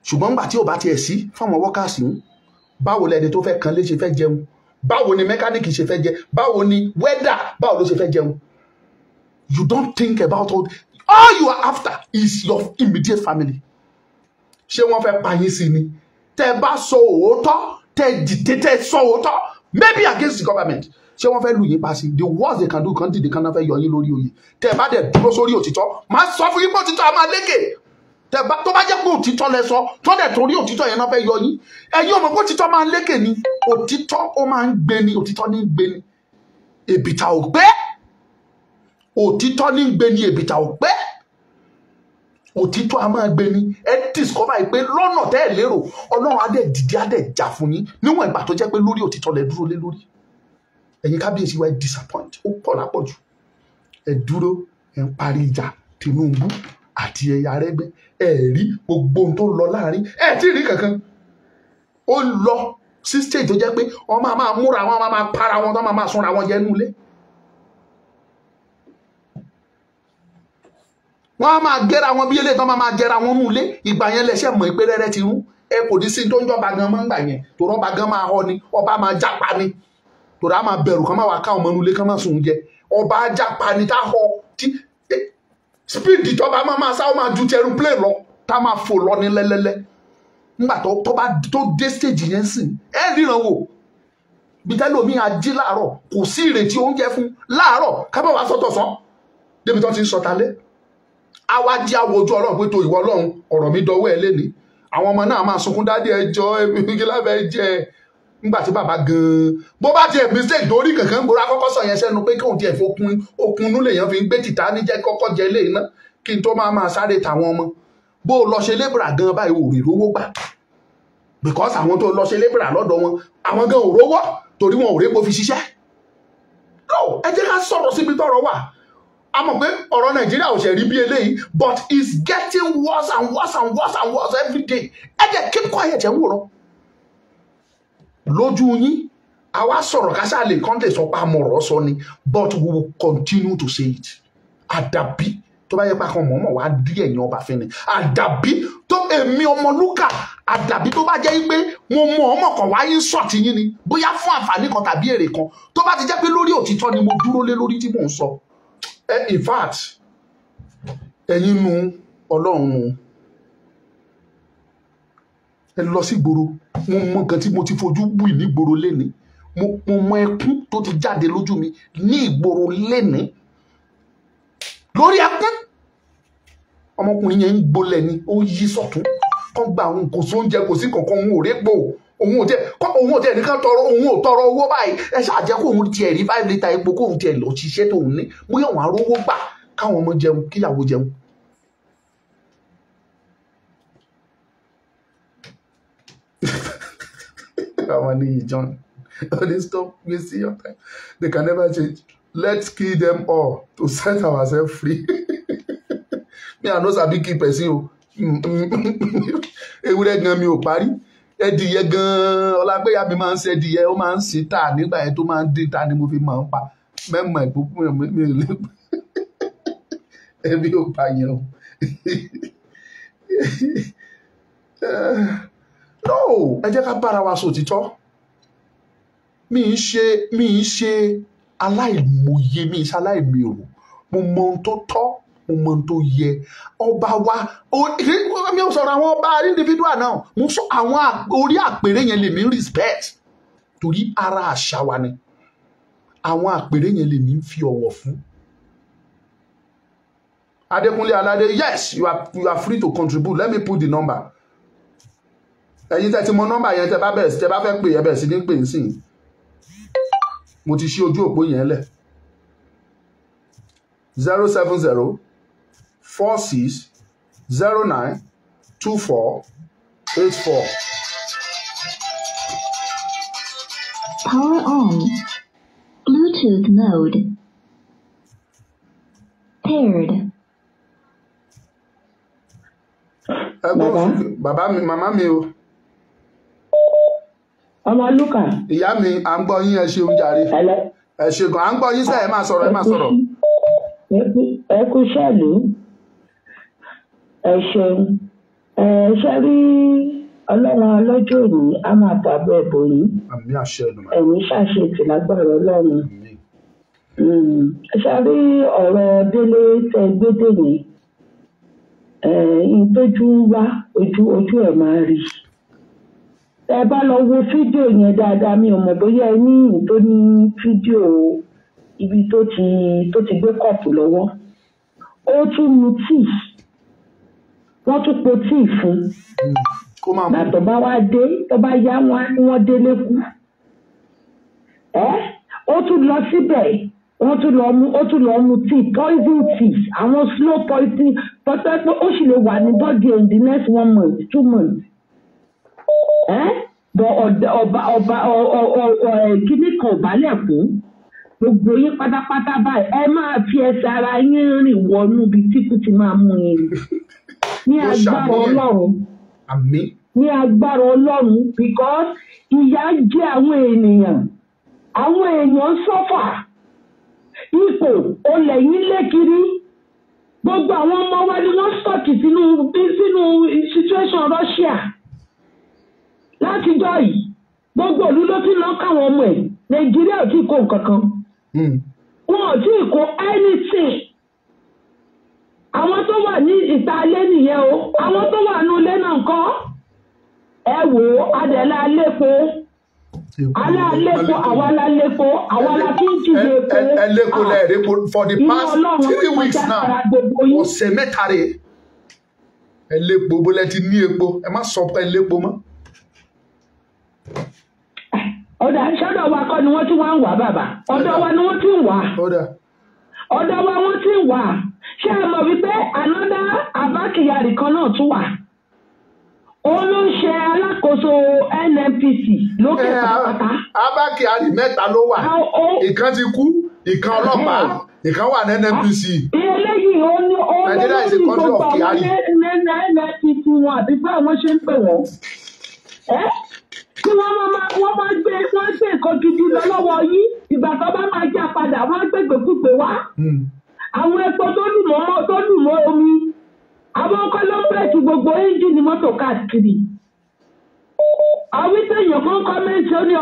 ṣùgbọ́n nígbà tí ò bá tiẹ̀ sí fáwọn workers ń báwo lẹni tó fẹ́ kan lè ṣe fẹ́ jẹun báwo ni mẹkáníìkì ṣe fẹ́ jẹ báwo ni wẹ́dà báwo ló ṣe fẹ́ jẹun you don't think about all all you are after is your immediate family ṣé wọ́n fẹ́ pa yín sí ni tẹ bá sọ òótọ́ tẹ dìde tẹ sọ òótọ́ maybe against the government ṣé wọ́n fẹ́ lù yín paṣí the worst they can do kan dìde kan náà fẹ́ yọ yín lórí oyè tẹ bá dẹ̀ dúró sórí òtítọ́ máa sọ fún yín pé òtítọ́ a máa lékè tẹ bá tó bá jẹ́ pé òtítọ́ lẹ sọ tó dẹ̀ torí òtítọ́ yẹn náà fẹ́ yọ yín ẹ̀yin ò mọ̀ pé òtítọ́ máa lékè ni òtítọ́ ó máa ń gbé ni òtítọ́ ní gbé ni èbìtà ò pé òtítọ́ ní gbé ni èbìtà ò pé òtítọ́ a máa gbé ni ẹ discover pé lọ́nà tẹ́ ẹ lérò ọlọ́run adẹ̀ dìde adẹ̀ jà fún yín níwọ̀n ìgbà tó jẹ́ pé lórí òtítọ́ lẹ dúró lé lórí ẹ̀yin kábíyèsí wa ẹ disappoint ó pọ̀ lápọ̀jù ẹ dúró ẹ ń parí ìjà Tinubu àti ẹ̀yà Arẹ́gbẹ́ ẹ rí gbogbo ohun tó ń lọ láàrin ẹ tí rí kankan ó lọ sí stage tó jẹ́ pé wọ́n máa máa wọn máa para wọn tó máa máa súnra wọn jẹ́ nulẹ̀ wọ́n á máa gẹ́ra wọn bí eléyìí tó máa máa gẹ́ra wọn nulẹ̀ ìgbà yẹn lẹ́sẹ̀ mọ̀ pé rẹ́rẹ́ ti rún ẹ kò ní sí tó ń jọba gan mọ́ ńgbà yẹn tó rọ́ba gan máa họ ni ọba máa jápa ni tó rà máa bẹ̀rù kán máa wà ká ọmọ nulẹ̀ kán máa sùn jẹ ọba jápa ni tá họ tí speed tọba máa máa sá ó máa ju tẹrù plane lọ tá máa fò lọ ní lẹ́lẹ́lẹ́ ńgbà tó tó bá tó dé stage yẹn sìn ẹ ríran wò bitẹ́lómi ají láàárọ̀ kò sí ìrètí oúnjẹ fún láàárọ̀ kábọ̀ wá sọ́tọ̀ sán débi tó ti ń sọtalé A wá jẹ́ àwòjú ọlọ́run pé tó ìwọ ọlọ́run ọ̀rọ̀ mi dọwọ́ ẹ lénìí àwọn ọmọ náà máa sunkún dádì ẹjọ́ ẹbí lábẹ́ jẹ́ nígbà tí bàbá gan-an bó bá tiẹ̀ mistake torí kankan gbòòrò akọ́kọ́ sọ yẹn sẹ́nu pé kí òun tiẹ̀ fokun okun nulẹ̀ yẹn fi ń gbé tìta níjẹ́ kọ́kọ́ jẹ lé iná kí n tó máa máa sáré tàwọn ọmọ bó o lọ ṣe lébùrà gan-an báyìí ò rí gbà because àwọn tó lọ ṣe lébùrà lọ́dọ̀ wọn àwọn gan-an ò torí wọn ò répo fi ṣiṣẹ́ no ẹ jẹ́ ká sọ̀rọ̀ síbi tọ́rọ̀ wà a mọ̀ or on Nigeria, ò ṣe rí bí but it's getting worse and worse and worse and worse every day And they keep quiet ẹ̀ ń wòran lójú yín àwa sọ̀rọ̀ káṣá lè kán lè sọ pé àmọ̀rọ̀ but we will continue to say it Adabi, tó bá yẹ pé àwọn mọ̀ọ́mọ̀ wá dí ẹ̀yìn ọba fún ni àdàbí tó èmi Ọmọlúkà àdàbí tó bá jẹ́ pé mo mọ ọmọ kan wáyé sọ̀tì yín ni bóyá fún àǹfààní kan tàbí èrè kan tó bá ti jẹ́ pé ni mo dúró lé lórí tí mò Eh, in fact ẹ̀yin nu ọlọ́run nu ẹ lọ sí gbòòrò mo mọ nǹkan tí mo ti fojú wì ní gbòòrò lẹ́ni mo mọ ẹkún tó ti jáde lójú mi ní ìgboro lẹ́ni lórí ẹkún ọmọkùnrin yẹn ń gbolẹ̀ ni ó yí sọ̀tún kọ́ gba òun kò sóúnjẹ kò sí kankan òun ò rẹ́pọ̀ òun ò tẹ òun ò tẹ nìkan tọrọ òun ò tọrọ owó báyìí ẹ ṣáà jẹ́ kóun tiẹ̀ rí five litre epo kóun tiẹ̀ lọ ṣiṣẹ́ tóun ní bóyá òun arówó gbà káwọn ọmọ jẹun kíyàwó jẹun. Ramani John they stop wasting your time they can never change let's kill them all to set ourselves free me i no sabi kill person o ewúrẹ́ gan mi ò parí ẹdìyẹ gan-an ọlágbéyà mi máa ń ṣe ẹdìyẹ ó máa ń ṣe ta nígbà yẹn tó máa ń dín ta ni mo fi máa ń pa mẹ́mọ̀ ìpópó mi ò lè pa ẹbí ò bá yẹn o. no ẹ jẹ́ ká bára wa sọ òtítọ́ mi ń ṣe mi ń ṣe aláìmọye mi ń ṣe aláìmọye o mo mọ ohun tó tọ́ mo mọ tó yẹ ọba wa mi ò sọ̀rọ̀ àwọn ọba individual náà mo sọ àwọn orí àpèrè yẹn lèmi respect torí ara àṣà wa ni àwọn àpèrè yẹn lèmi fi ọ̀wọ̀ fún. Adekunle Alade yes you are, you are free to contribute let me put the number ẹ̀yin tẹ́ ti mọ nọ́mbà yẹn tẹ́ bá bẹ̀rẹ̀ sí tẹ́ bá fẹ́ pè ẹ bẹ̀rẹ̀ sí ní pè ń sìn mo ti ṣí ojú òpó yẹn lẹ̀ zero seven zero four six zero nine two four eight four. Power on. Bluetooth mode. Paired. ẹ̀gbọ́n bàbá mi màmá mi o. ọmọ lúkà. ìyá mi à ń gbọ́ yín ẹ ṣeun jàre ẹ ṣe gan à ń gbọ́ yín sẹ́yìn ẹ máa sọ̀rọ̀ ẹ máa sọ̀rọ̀. ẹ kú sẹ́ẹ̀lì ẹ ṣeun ẹ ṣe rí ọlọ́run ọlọ́jọ́ òní á máa tàbí ẹ̀bùn yìí ẹ̀yìn ṣàṣetì lágbára ọlọ́run hmm. ṣe rí ọ̀rọ̀ délé tẹ gbédè yìí ìtọ́jú ń wá ojú ojú ẹ̀ máa rí ẹ bá lọ wo fídíò yẹn dáadáa mi ò mọ̀ bóyá ẹ ní ìtò ní fídíò ibi tó ti tó ti gbé kọ́ọ̀pù lọ́wọ́ ó tún mu tíì wọ́n tún po tíì fún un gbàtọ̀ bá wá dé tó bá yá wọn ni wọ́n délé kú ẹ́ ó tún lọ síbẹ̀ wọ́n tún lọ mu ó tún lọ mu tea poison tea àwọn slow poison pọtẹ pé ó sì lè wà ní body in the next one month two months bọ ọba ọba kíní kan ọba lẹ́kùn gbogbo yín pátápátá báyìí ẹ máa fi ẹsẹ̀ ara yín rìn wọnú ibi tí kú ti máa mú yín ní agbára ọlọ́run ní agbára ọlọ́run because ìyà jẹ àwọn ènìyàn àwọn èèyàn sọ́fà ipò olè yín lékiri gbogbo àwọn ọmọ wa ni wọ́n stọ̀kì sínú sínú situation Russia látijọ́ yìí gbogbo òlu ló ti lọ káwọn ọmọ ẹ̀ Nàìjíríà ò tí ì kó nǹkan kan hmm. wọn ò tí ì kó anything àwọn tó wà ní ìta alẹ́ nìyẹn o àwọn tó wà nù ilé náà kọ́ ẹ wò ó adẹ̀lẹ̀ alépo alẹ́ alépo àwa alépo àwa la fi ń kígbe epo ẹlẹ́kọ̀ọ́ lẹ́ẹ̀rẹ́po for the past three weeks now ọ̀sẹ̀ mẹ́ta rè ẹlẹ́po bólẹ́ ti ní epo ẹ má sọ pé ẹlẹ́po mọ́. ọ̀dà sọ́dọ̀ wa kọ́ ni wọ́n tún wá ń wá bàbá ọ̀dọ̀ wa ni wọ́n tún wá ọ̀dọ̀ wa wọ́n tún wá ṣé ẹ mọ̀ wípé anoda abákiyarì kan náà tún wà òun ló ń ṣe alákòóso NNPC lókè eh, pátápátá. abákiyarì mẹ́ta ló wà ìkan ti kú ìkan ọlọ́pàá eh. ìkan wà ní NNPC. eléyìí ó ní ó ní ó ní gbogbo àwọn NNPC wọn àti bá àwọn ṣe ń pè wọ́n kí wọ́n máa wọ́n máa gbé wọ́n gbé nǹkan gidi lọ lọ́wọ́ yín ìgbà tó bá máa já padà wọ́n á gbégbèkúgbè wá. Hmm àwọn epo tó lù mọ́ tó lù mọ́ omi àwọn ọkọ ló bẹ̀ẹ̀kì gbogbo ẹ́ńjìnì mọ́tò káàkiri àwọn ìtẹ̀yìn kan kọ́ mẹ́sàn-án ní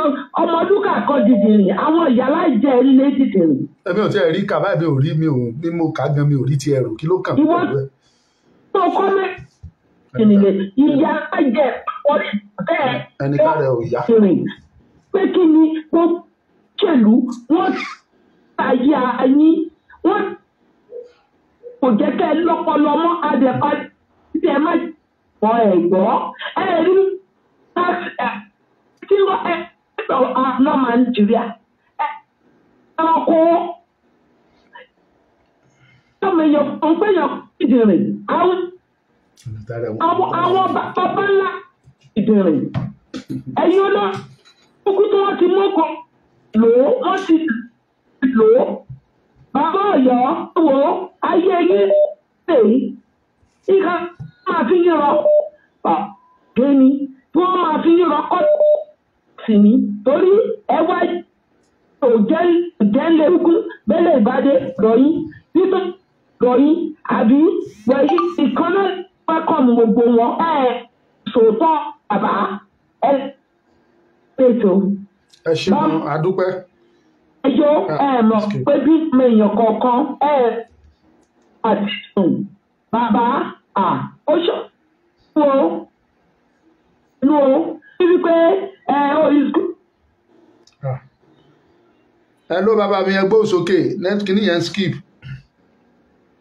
ọmọ lúkà kan dìdìrì àwọn ìyàrá ìjẹ́ ilé dìdìrì. ẹbí ò tí ẹ rí kàbá mi ò rí mi ò ní mo kà gan mi ò rí ti ẹrù kí ló kàn mí pé kí ni wọ́n pẹ̀lú wọ́n ayé ayín wọ́n kò jẹ́ kẹ́ ẹ lọ́pọlọ mọ́ adẹ̀kọ́ títí ẹ má gbọ́ ẹ gbọ́ ẹ rí tí wọ́n ẹ sọ àná ah, Nàìjíríà ẹ ẹranko ọmọ èèyàn kan péyàn ìdìrín àwọn àwọn bàbá ńlá ìdìrín ẹ̀yin ọlọ́run kúkú tí wọ́n ti mú kan lò ó wọ́n ti lò ó bàbá ọ̀yọ́ wo ayé yín lèyí ìka máa fi yín rọ ọ̀dẹ́ ni tí wọ́n máa fi yín rọ kọ́ sí ni torí ẹ wá òjẹ́ ìjẹ́lẹ̀ ogún bẹ́lẹ̀ ìbádé rọ̀yìn nítorí rọ̀yìn àbí wẹ̀yìn ìkànnà pákọ̀mù gbogbo wọn ẹ̀ sòótọ́ bàbá ẹ̀ pètò. ẹ ṣeun adúpẹ́ ẹjọ́ ah, ẹ mọ̀ pé bí èèyàn kọ̀ọ̀kan ẹ àti sùn bàbá à ó ṣọ́ wo nu o bíbí pé ẹ ó yí sùn. Ah. hello baba mi ẹ gbóhùn sókè nẹ́ẹ̀tì kìíní yẹn skip.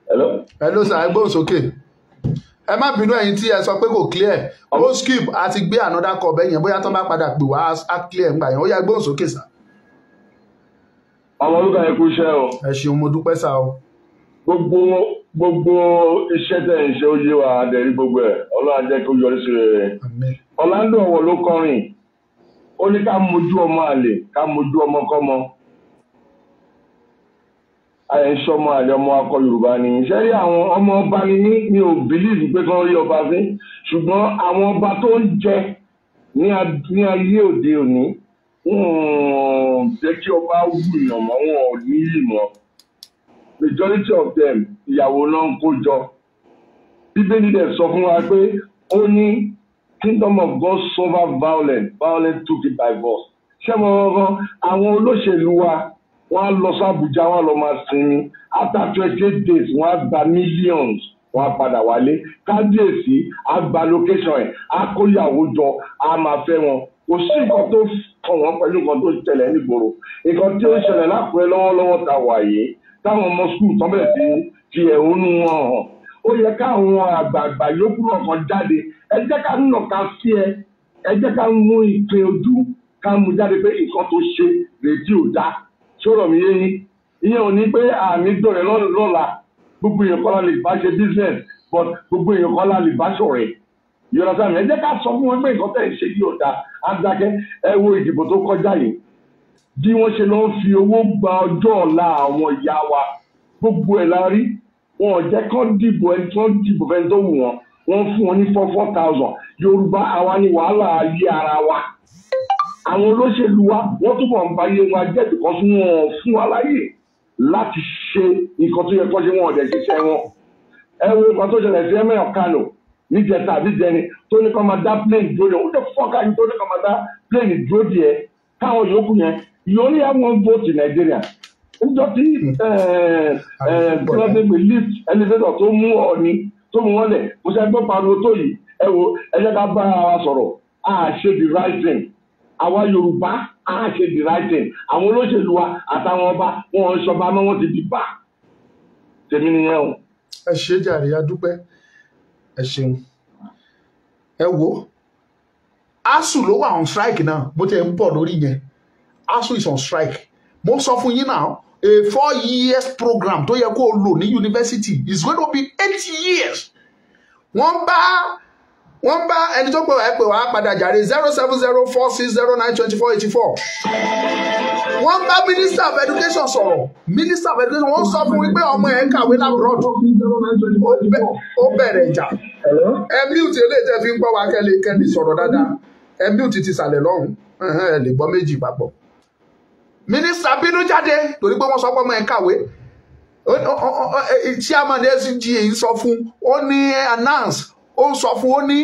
hello. hello sir ẹ gbóhùn sókè ẹ má bínú ẹ̀yin tí ẹ sọ pé kò clear ó skip àti gbé another call bẹ́yẹn bóyá tó bá padà pè wá á clear ńgbà yẹn ó yá gbóhùn sókè sir ọmọ olúkà yẹ kú iṣẹ́ o. ẹ ṣeun mo dúpẹ́ sá o. gbogbo gbogbo iṣẹ́ tẹ̀ ń ṣe ó yé wa adẹ̀rí gbogbo ẹ̀ ọlọ́run jẹ́ kó yọrí sí rere. ọ̀làǹdọ̀ ọ̀wọ̀ ló kọrin ó ní ká mojú ọmọ àlè ká mojú ọmọ kọ́mọ. ayẹ̀ ń ṣọmọ àlè ọmọ akọ yorùbá ni ṣẹ́rí àwọn ọmọ ọba ni mi ò bìlíìfù pé kán rí ọba sí ṣùgbọ́n àwọn ọba tó ń jẹ ní ayé òde òní jẹ́ ọba wù yàn mọ́ wọn ní ìmọ̀ majority of them ìyàwó náà ń kó jọ bíbélì dẹ̀ sọ fún wa pé ó ní kingdom of God suffer violence violence took it by force ṣé mo rán àwọn olóṣèlú wa wọ́n á lọ sí Àbújá wọ́n á lọ máa sinmi after twenty eight days wọ́n á gba millions wọ́n á padà wálé kábíyèsí á gba location ẹ̀ á kóyàwó jọ á máa fẹ́ wọn kò sí nǹkan tó kàn wọ́n pẹ̀lú nǹkan tó ṣẹlẹ̀ nígboro nǹkan tí ó ṣẹlẹ̀ lápẹ́ lọ́wọ́lọ́wọ́ ta wà yìí táwọn ọmọ skul tán bẹ̀rẹ̀ sí fi ẹ̀hónú wọn hàn ó yẹ káwọn àgbààgbà yòókù náà kan jáde ẹ jẹ́ ká nà ká sí ẹ ẹ jẹ́ ká mú ìpè ojú ká mú jáde pé nǹkan tó ṣe rédíò dá ṣọ́rọ̀ mi yéyín ìyẹn ò ní pé àmì dọ̀rẹ́ lọ́la gbogbo èèyàn kọ́lá lè bá ṣe business but gbogbo èèyàn kọ́lá lè bá ṣọ̀rẹ́ yọ̀rọ̀ sáà mi ẹ jẹ́ ká sọ fún wọn pé nǹkan tẹ̀ ń ṣe yìí ò dáa á dákẹ́ ẹ wo ìdìbò tó kọjá yìí bí wọ́n ṣe lọ́ọ́ fi owó gba ọjọ́ ọ̀la àwọn ìyá wa gbogbo ẹ̀ la rí wọn ò jẹ́ kán dìbò ẹni tó dìbò fẹ́ni tó wù wọn wọ́n fún wọn ní four four thousand yorùbá àwa ni wàhálà ayé ara wa àwọn olóṣèlú wa wọ́n túbọ̀ ń ba iye wọn jẹ́ because wọn fún wa láyè láti ṣe nǹkan tó yẹ kó ṣe wọn ọ̀dẹ̀ ṣiṣẹ́ wọn ẹ wo nǹkan tó ṣẹlẹ̀ sí ẹ̀mẹ́ ọ̀kanò níjẹta àbí jẹni tó ní kọ́ máa dá plane dúró yẹn ó lè fọ́ka ní tó ní kọ́ máa dá plane dúró díẹ̀ káwọn yòókù yẹn yóò ní àwọn vote nàìjíríà níjọ tí kílódébè lift elevator tó mú Ọọ̀ni tó mú wọlé mo ṣe gbọ́ pariwo tó yìí ẹ wo ẹ jẹ́ ká bára wa sọ̀rọ̀ a ṣe the right thing àwa Yorùbá a ṣe the right thing àwọn olóṣèlú wa àtàwọn ọba wọn ń ṣọba mọ́ wọn ti di bá tèmi nìyẹn o. ẹ ṣe é jàre adúpẹ́ ẹ ṣeun ẹ wo asu ló wà on strike náà bó ti ẹ̀ ń bọ̀ lórí yẹn asu is on strike mo sọ fún yín náà a four years program tó yẹ kó o lò ní yunifásitì is going to be eight years wọ́n bá wọ́n bá ẹni tó pè wá pè wá padà jàre zero seven zero four six zero nine twenty four eighty four wọ́n bá minister of education sọ̀rọ̀ minister of education wọ́n sọ fún wípé ọmọ ẹ̀ ń kàwé lábúrọ̀dù ó bẹ̀rẹ̀ ìjà ẹ mute eléyìí tẹ́ fi ń gbọ́ wá kẹ́lẹ́ kẹ́lẹ́ sọ̀rọ̀ dáadáa ẹ mute ti sàlẹ̀ lọ́hùn ẹ lè gbọ́ méjì papọ̀ mínísítà bínú jáde torí pé wọ́n sọ pé ọmọ ẹ̀ ń kàwé chairman sga sọ fún ó ní announce ó ń sọ fún ó ní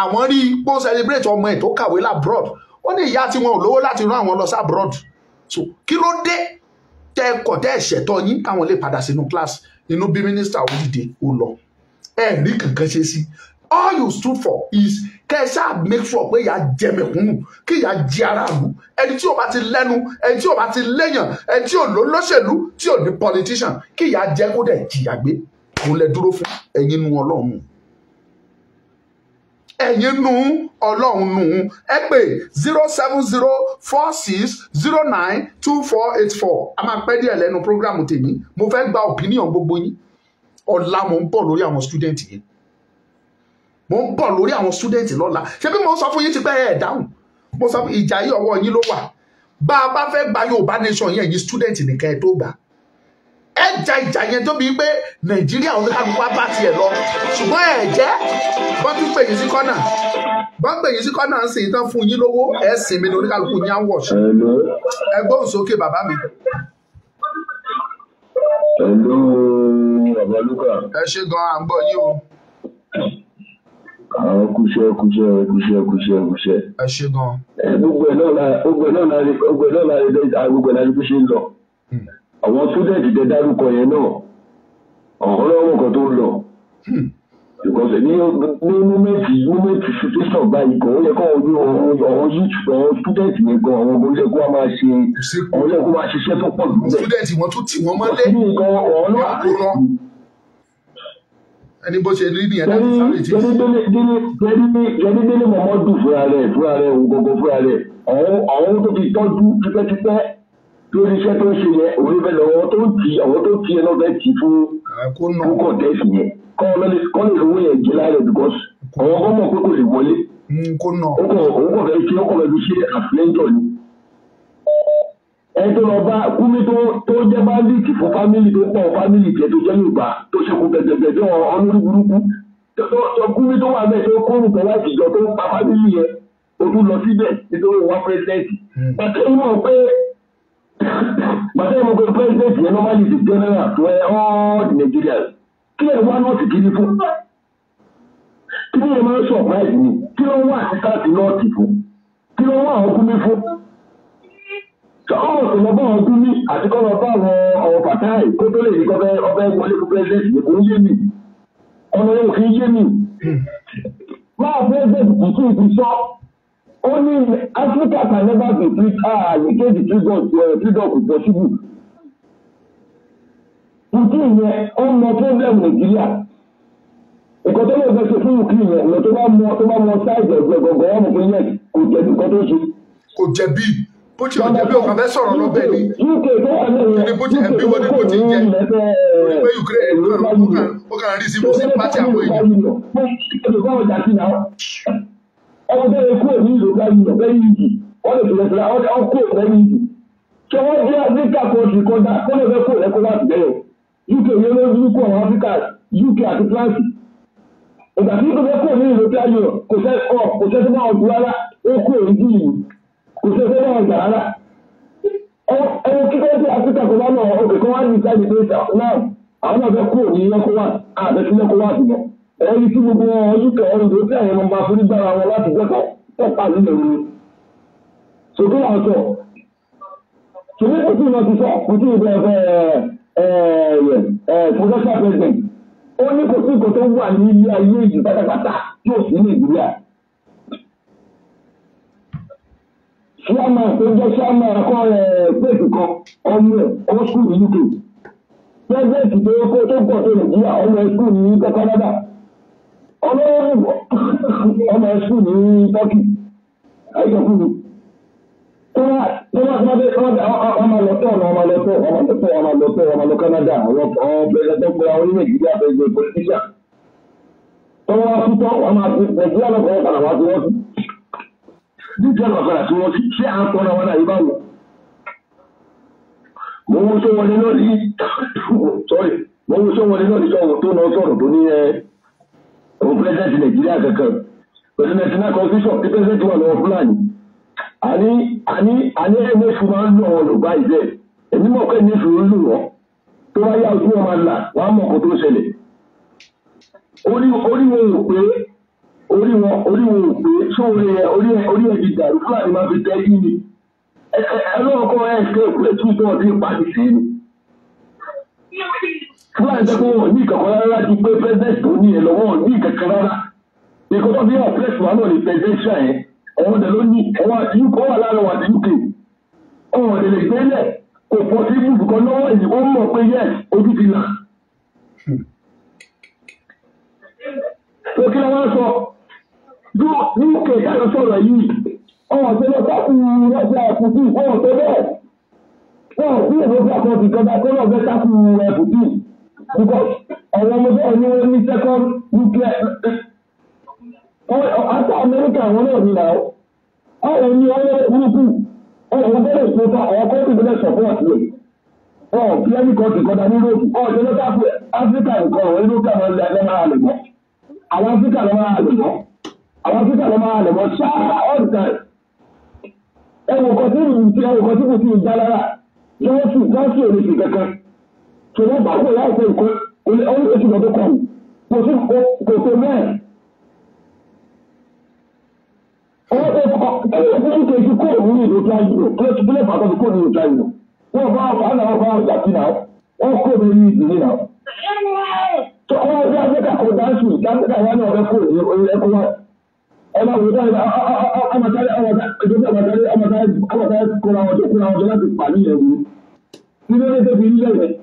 àwọn rí ipò celebrate ọmọ ẹ̀ tó kàwé labroad ó ní ìyá tí wọn ò lówó láti rán àwọn lọ sábroad so kí ló dé tẹ́ kọ̀ tẹ́ ṣẹ̀tọ́ yín káwọn lè padà sínú kíláàsì nínú bí mínísítà ó dìde ó lọ ẹ rí kankan ṣe sí all you stood for is kẹsà make sure pé ìyà jẹ mẹ̀kúnnù kí ìyà jẹ aráàlú ẹni tí o bá ti lẹ́nu ẹni tí o bá ti léèyàn ẹni tí o lò lọ́ṣèlú tí o ní politician kí ìyà jẹ kó dẹ̀ jìyà gbé òun lẹ dúró fún ẹ̀yin nu Ọlọ́run ẹ̀yin nu ọlọ́run nu ẹ pè zero seven zero four six zero nine two four eight four a máa pẹ́ díẹ̀ lẹ́nu programu tèmi mo fẹ́ gba opinion gbogbo yín ọ̀la mo ń bọ̀ lórí àwọn student yẹn mo ń bọ̀ lórí àwọn student lọ́la ṣé bí mo sọ fún yín ti pẹ́ ẹ̀ dáhùn mo sọ fún ìjà yìí ọwọ́ yín ló wà bá a bá fẹ́ gba Yorùbá nation yẹn yìí student nìkan ẹ̀ tó gbà á ẹ ja ìjà yẹn tó bíi pé nàìjíríà òun ká wá bá tiẹ̀ lọ ṣùgbọ́n ẹ jẹ́ wọ́n tún pè yín sí kọ́nà wọ́n pè yín sí kọ́nà ń sìn tán fún yín lówó ẹ sìn mí ní oníkàlùkù yín á wọ̀ ṣe ẹ gbóhùn sókè bàbá mi. pẹ̀lú bàbá lúkà. ẹ ṣe gan-an à yín o. àwọn kúṣẹ́ kúṣẹ́ kúṣẹ́ kúṣẹ́ kúṣẹ́. ẹ ṣe gan-an. gbogbo ẹ̀ náà la gbogbo ẹ̀ náà la gbogbo ẹ̀ náà la gbogbo ẹ̀ náà la gbogbo ẹ̀ náà la àwọn sódẹ́ẹ̀tì tẹ dárúkọ yẹn náà ọ̀hún lọ́wọ́ kan tó ń lọ hmm. because ní ní múmẹ́tì múmẹ́tì situation báyìí kan ó yẹ kọ́ ojú àwọn youth àwọn student yẹn gan àwọn ọmọ ilé-ẹ̀kọ́ wa máa ṣe àwọn ilé-ẹ̀kọ́ máa ṣiṣẹ́ tó pọ̀ jù bẹ́ẹ̀. student wọn tún tì wọ́n mọ́lé yàgòrán ẹni bó ṣe rí nìyẹn láti sáré jẹ́. jẹ́ni délé mọ̀mọ́ dùn fúnra rẹ̀ fúnra rẹ̀ òun gbogbo fúnra rẹ̀ àwọn tó ti tọ́jú tipẹ́tipẹ́ lórí iṣẹ́ tó ń ṣe yẹn òun ló fẹ́ lọ àwọn tó ń tì àwọn tó ń tì yẹn lọ fẹ́ tì fún fún kọ̀ǹtẹ́sì yẹn kọ́ lè fowó yẹn jẹ láàrẹ̀ because àwọn ọkọ̀ mọ̀ pé kò lè wọlé òun mm, kò fẹ́ ṣe ọkọ̀ rẹ̀ ṣe àfilẹ́ńtọ̀ ni. ẹ tó lọ bá Kúmi tó jẹ́ báńdíìtì fún fámìlì tó pọ̀ fámìlì tẹ̀ tó jẹ́ Yorùbá tó ṣekú gẹ̀gẹ̀gẹ̀ tó ọlọ́rí burúkú Kúmi tó wà bẹ́ẹ̀ tó kórùn kan láti ìjọ tó pa fámìlì yẹn o tún lọ síbẹ̀ nítorí wà pẹ́sidẹ́ǹtì. Mm. bàtẹ́ mọ̀ gbàtẹ́ ìmọ̀ pé president yẹn normally the general to all the Nigerians kí ẹ̀ wá nọ́ọ̀sì kiri fún kí ni ẹ máa ń surprise mi kí ló ń wá àtìsáàtì nọ́ọ̀tì fún kí ló ń wá àwọn kúmi fún sọ́kọ̀ọ̀sì lọ bá àwọn kúmi àti kọ́ lọ bá àwọn ọ̀rọ̀ pàtàkì kó tó lè ní kọ́fẹ́ ọbẹ̀ wọlé fún president yẹn kò ń yé mi ọ̀nà yẹn kò ń yé mi hmm only Africa can never be free ah you against the freedom to uh, freedom to possible. Nkú yẹn ó eh, mọ problem Nàìjíríà. Nǹkan tó lè fẹ́ ṣe fún Nkú yẹn ọ̀nà tó bá mọ tó bá mọ sáìdì ọ̀gbẹ́ gbọ̀ngàn ọ̀hún fún yẹn kò jẹ̀bi nǹkan tó ṣe. Kò jẹ̀bi bó ti ọ̀jẹ̀ bí ọ̀kan fẹ́ sọ̀rọ̀ lọ́bẹ̀ ni. UK tó wà lẹ́yìn ní bó ti ẹ̀bí wọlé bó ti jẹ́ pé Ukraine ló kàn ó kàn rí sí mo sí pátí àwọn èèyàn ẹgbẹ́ ikú èmi ìlú lẹ́yìn lẹ́yìn yìí wọ́n lè fìlẹ̀ fìlẹ̀ àwọn ọkọ̀ lẹ́yìn yìí tí wọ́n jẹ́ áfíríkà kọ́ọ̀tì kọjá kó lè fẹ́ kó lẹ́kọ́ láti bẹ̀rẹ̀ uk yẹn ló ń kó àwọn áfíríkà uk àti france ìgbà tí kò fẹ́ kó ní ìlú tí a yọ kò fẹ́ kọ́ kò fẹ́ fẹ́ máa gbọ́ rárá ó kó èyí dì í kò fẹ́ fẹ́ máa gbà rárá ẹni kíkọ́ tí áfíríkà kò bá lọ òkè kó wá ní ìsáyìí pé náà àwọn náà fẹ́ kó ní lẹ́kọ́ wá ẹni tí gbogbo wọn ọdún kẹwọn ló tí àwọn ọmọ afúnni gbára wọn láti gbẹkọ tọpa nílẹ̀ wọn sókè náà sọ sókè kò tí ì lọ ti sọ kò tí ì bẹ ẹ ẹ ẹ pọfẹsà president ó ní kò sí nǹkan tó wà ní ilé ayé yìí pátápátá tí ò sí nàìjíríà. ṣíàmà tó jẹ́ ṣíàmà ẹ̀kọ́ ẹ̀ pèsè kan ọmọ ẹ̀ kọ́ skul uk. pẹ́ẹ́sì tó kó tó pọ̀ tó nàìjíríà ọmọ ẹ̀ skul ní kọ́kọ́ náà ọlọ́run ọmọ ẹ̀sùn ní tọ́kì ayọ̀kúrú ọmọ lọ́tọ̀ ọmọ lọ́tọ̀ ọmọ lọ́tọ̀ ọmọ lọ́tọ̀ ọmọ lọ Canada àwọn ọ̀pẹ̀lẹ́tọ̀gbọ̀ àwọn onímọ̀ ẹgbẹ́ pọlitíṣà tọ́wọ́ afútọ́ ọmọ nàìjíríà lọ́kọ̀ ọ̀pọ̀ àwọn àti wọ́n sí níjẹ́ lọ́kọ̀ àti wọ́n sí ṣé à ń tọ́ra wọn àyè báwo mo ń sọ wọlé lọ́ọ̀dì sọ́rí mo ń sọ wọlé lọ́ọ̀dì sọ̀rọ̀ tó náà sọ̀rọ̀ tó ní ẹ òun pẹ́sẹ́ǹtì nàìjíríà kankan pẹ̀lú national constitution tí pẹ́sẹ́ǹtì wà lọ́wọ́ fúlàní àní àní àní ẹ̀mẹ́sù máa ń lọ ọ̀nà báyìí bẹ́ẹ̀ èmi mọ̀ pé ẹ̀mẹ́sù ló lù wọ́n tó bá yá ojú wọn máa là wọ́n á mọ̀ kó tó ṣẹlẹ̀ orí wọn ò pé orí wọn orí wọn ò pé sóore ẹ orí ẹ orí ẹ ti dàrú fúlàní máa fi tẹ́ yí ni ẹ ẹ lọ́wọ́ kọ́ ẹ ṣe ìpẹ́tù tó ọdún ìpàdé sí ni fúlàní pé wọn ní ìkàkọ́ rárá ti pé president tó ní ẹ lọ́wọ́ wọn ní ìkàkọ́ rárá ìkọ́ tó bí wọn flex wà náà ní presidential yẹn ọ̀hún dẹ̀ ló ní ọwọ́ àti uk wà lára wà àti uk ọ̀hún dẹ̀ lè gbélé kò pọ̀ sí ibùdókọ̀ lọ́wọ́ yìí ó mọ̀ pé yes ojú ti là. tó kí ló wá sọ uk yàtọ̀ sọ̀rọ̀ yìí ọ̀hún tó lọ sáfù rọ́jà because àwọn ọmọdé ọ̀nà wọn ní second nuclear after America àwọn náà ní náà ọ̀rọ̀ ní ọ̀rọ̀ burúkú ọ̀rọ̀ gbọ́dọ̀ ìfowópamọ́ àwọn kọ́ọ̀tù gbọ́dọ̀ support rẹ̀ ọ̀ kí ẹni kọ́ọ̀tù kọ́ta ní Europe ọ̀ ṣe lọ́tà Africa nǹkan ọ̀rọ̀ Europe àwọn ilẹ̀ ẹgbẹ́ máa lè mọ́ àwọn Africa lọ́ máa lè mọ́ àwọn Africa lọ́ máa lè mọ́ ṣáá ọ̀dùkà ẹ̀wọ̀n kọ́tù ẹ̀wọ̀n kọ́tù kò tí ì dá lára yọ́ọ̀tù kọ́ọ̀tù ò kì í bá kó láì fún nǹkan kò ní ọdún oṣù lọ́dún kan kò sí kò tó mẹ́ẹ̀. ẹni ọ̀sẹ̀ ń kejì kó òun ní ìlú táyì lò kí ẹtù bílẹ̀ pàtó kó ní ìlú táyì lò wọ́n bá wà náà wọ́n bá wà sí náà wọ́n kó mi ní ìlú náà. tọ́kọ́ ọjọ́ afẹ́ká kò dáńsì dáńsì wọn náà ọ̀rẹ́ kò ní orí ẹ̀kọ́ wọn. ọmọ àwọn ọ̀dọ́ ìlà ọmọdé ọmọdé ọmọdé kóra ọjọ́ kóra ọjọ́ láti pàdé yẹn wò. nílé ní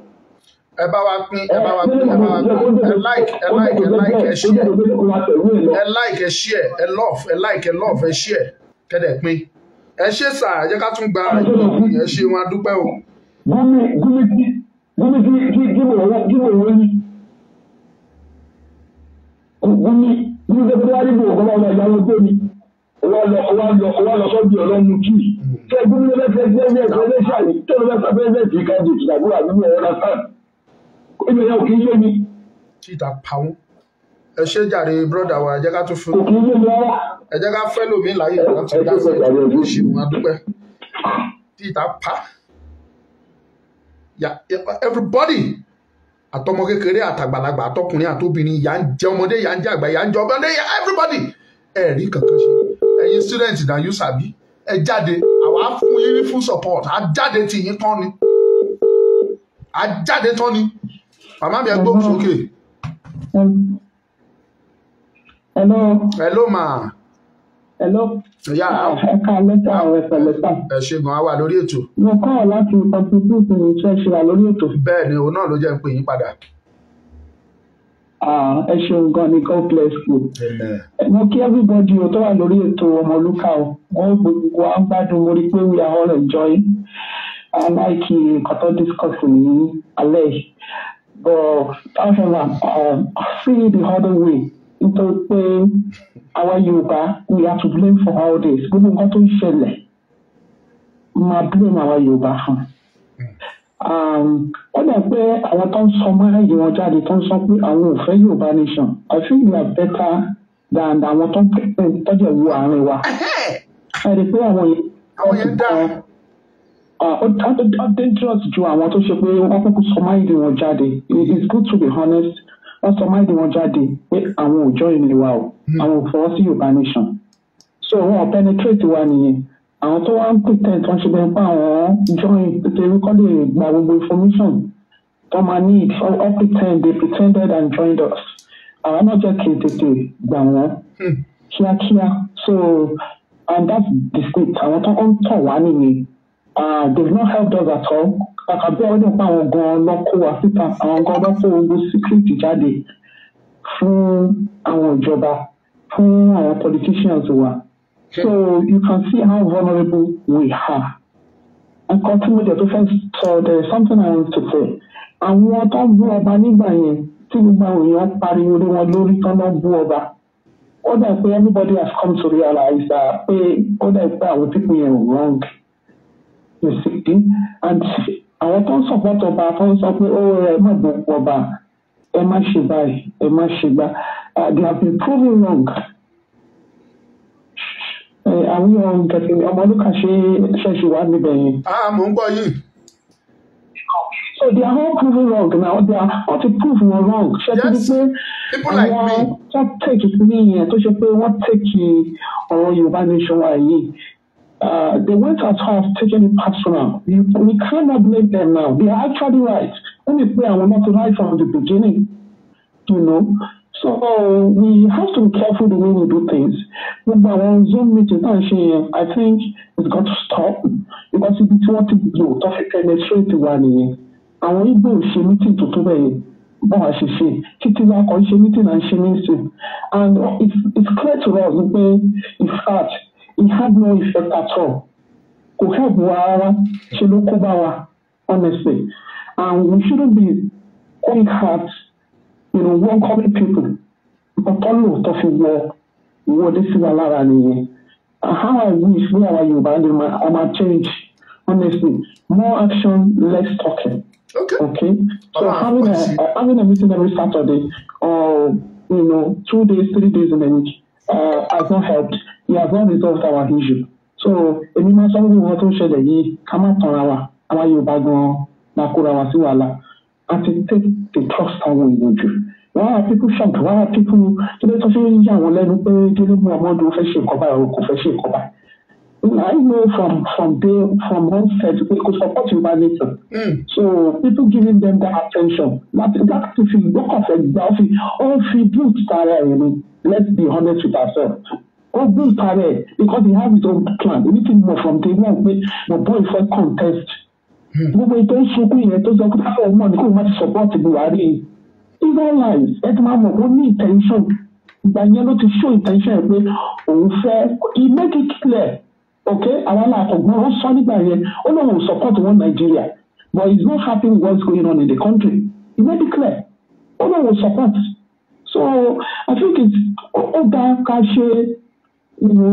ẹ bá wa pín ẹ bá wa pín ẹ bá wa pín ẹ like ẹ like ẹ like ẹ share ẹ like ẹ share ẹ love ẹ like ẹ love ẹ share kẹ́dẹ̀ pín ẹ ṣe sà ẹ jẹ́ ká tún gba ìjọba ẹ ṣe wọn adúpẹ́ o. gúmi gúmi kí gúmi kí kí kí mo wọ kí mo wọ yín gúmi gúmi kí wọ́n rí bò kọ́ ọ̀nà ìyàwó tó mi wọ́n lọ wọ́n lọ wọ́n lọ sọ́ọ̀bì ọlọ́mú kì kí ẹ gúmi lọ́fẹ́ fẹ́ fẹ́ fẹ́ fẹ́ ṣàlì tó lọ́fẹ́ fẹ́ fẹ́ fẹ́ kí ká dùn tìtàgbọ́ àdúgbò ọ̀rọ̀ náà sáà ìgbẹ́ yẹn kì í yé mi. tí ìta pa wọn. ẹ ṣe jàre brọ́dà wa ẹ ká tún fún kò kì í yé mi rárá. ẹ ká fẹ́ lómi láyé láti dá fún ẹ̀ tó ṣe wọn adúpẹ́. tí ìta pa. everybody àtọmọ kékeré àtàgbàlagbà àtọkùnrin àtobìnrin ìyà ń jẹ ọmọdé ìyà ń jẹ àgbà ìyà ń jẹ ọmọdé everybody ẹ rí kankan ṣe ẹ̀yin student na you sabi ẹ jáde àwa fún yín ní full support á jáde tì yín tán ni á tán ni màmá mi ẹ sókè. hello. hello ma. hello. ìyá àwọn. ẹ ká lẹ́tà àwọn ẹ̀fẹ̀ lẹ́tà. ẹ ṣe gan-an wà lórí ètò. mo kọ́ ọ láti contribute ní ṣẹ́ṣẹ́ wa lórí ètò. bẹ́ẹ̀ ni òun náà ló jẹ́ ń pè yín padà ah, ẹ ṣeun gan ni god bless you. mo kí everybody o tó wà lórí ètò ọmọlúkà o wọn ò gbogbo wa ń gbádùn mo rí pé we are all enjoying i like nǹkan tó discuss ní alẹ́ yìí but however um, see the other way nítorí pé our yorùbá we are to blame for all this gbogbo nǹkan tó ń ṣẹlẹ̀ máa blame our yorùbá fún um, ó dà pé àwọn tó ń sọ márùn-ún wọn jáde tó ń sọ pé àwọn ò fẹ́ yorùbá nation i feel we are better than àwọn tó ń tọ́jú ẹ̀wù àárín wa. ẹ rí i pé àwọn yẹn. àwọn yẹn dáa ó uh, dangerous ju àwọn tó ṣe pé wọ́n kúkú sọ máìlì wọn jáde it's good to be honest wọ́n sọ máìlì wọn jáde pé àwọn ò jọ ìlú wa o hmm. àwọn ò fọwọ́ sí Yorùbá nation so wọn ò penetrate wa nìyẹn àwọn tó wá ń pretend wọ́n ṣe bẹ́ẹ̀ pé àwọn join nítorí kọ́ lè gba gbogbo information tó máa need all pretend they pretended and joined us àwọn náà jẹ́ kí n tètè gbà wọ́n hmm. kíákíá so and that's the state àwọn tó ń tọ̀ wá nìyẹn they've ah, not helped us at all kàkà bí àwọn nípa àwọn gan lọ́kọ́ wa síta àwọn gan bá kó ogun secret jáde fún àwọn ìjọba fún àwọn politicians wa so you can see how vulnerable we are nǹkan tí mo jẹ tó fẹ́ sọ there is something I want to say àwọn tó ń bú ọba nígbà yẹn tí gbogbo àwọn èèyàn pariwo lé wọn lórí tán lọ bú ọba ó dà pé everybody has come to realize that pé ó dà pé àwọn pípín yẹn wrong rìsídì and àwọn tó ń support ọba tó ń sọ pé ó oh, ẹ má bọ̀ ọba ẹ má ṣe báyìí ẹ má ṣe gbá uh, they have been proven wrong. àwọn ohun kẹfì ọmọlúkà ṣe ṣẹ̀ṣì wà níbẹ̀ yẹn. a ah, mò ń gbọ́ yìí. so they are all proven wrong now they are all to prove wọn wrong. like me. àwọn tó tẹ̀kì sí yẹn tó ṣe pé wọ́n tẹ̀kì ọ̀rọ̀ Yorùbá nation wa yìí uh, the workers have taken it personal. We, we cannot blame them now. They are actually right. Let me pray, I will not right from the beginning, you know. So we have to be careful the way we do things. Gbogbo àwọn Zoom meeting I think it's got to stop because if tí wọ́n ti lò tó fi penetrate year. nìyẹn. Àwọn go ṣe meeting to today. bẹ́ẹ̀ as you see, ṣe títí wá kàn ṣe meeting and ṣe meeting and it's, clear to us pé in fact it had no effect at all kò help wa rárá ṣe ló honestly and we shouldn't be quick heart you know welcoming people But ọ̀tọ̀ lóòótọ́ fi wọ wọlé sí wa lára nìyẹn how I wish we our Yorùbá dey ma ma change honestly more action less talking. Okay. Okay. So ah, having a uh, having a meeting every Saturday or you know two days three days in a week uh, has not helped we are born with all our issue so èmi máa sọ wípé wọn tó ń ṣẹlẹ̀ yìí ká má tanra wa àwa Yorùbá gan-an máa kóra wa sí wàhálà àti take the trust àwọn èèyàn jù wọ́n á pípú ṣọ̀kì wọ́n á pípú kí ló tó fi ń yà wọ́n lẹ́nu pé kí ló mú ọmọdún fẹ́ ṣe nǹkan báyìí kò fẹ́ ṣe nǹkan I know from from day from one set pé kò support Yorùbá nation. Hmm. So people giving them that attention láti láti fi gbọ́kànfẹ́ gbà ó fi ó fi build tara ẹ̀ let's be honest with ourselves ó gbé ìka because he has his own plan èmi ti mọ̀ from the one pé bọ̀bọ̀ ìfẹ́ contest hmm. gbogbo ètò ìṣokú yẹn tó sọ pé fẹ́ mọ̀ ní kò ti support Buhari even lies ẹ ti máa mọ̀ ó ní intention ìgbà yẹn ló ti show intention ẹ pé òun fẹ́ he make it clear okay àwọn aláàkọ̀gbọ́n ó sọ nígbà yẹn ó lóun support wọn Nàìjíríà but he's not happy with what's going on in the country he make it clear ó lóun support so I think it's ó dá ká ṣe ìwò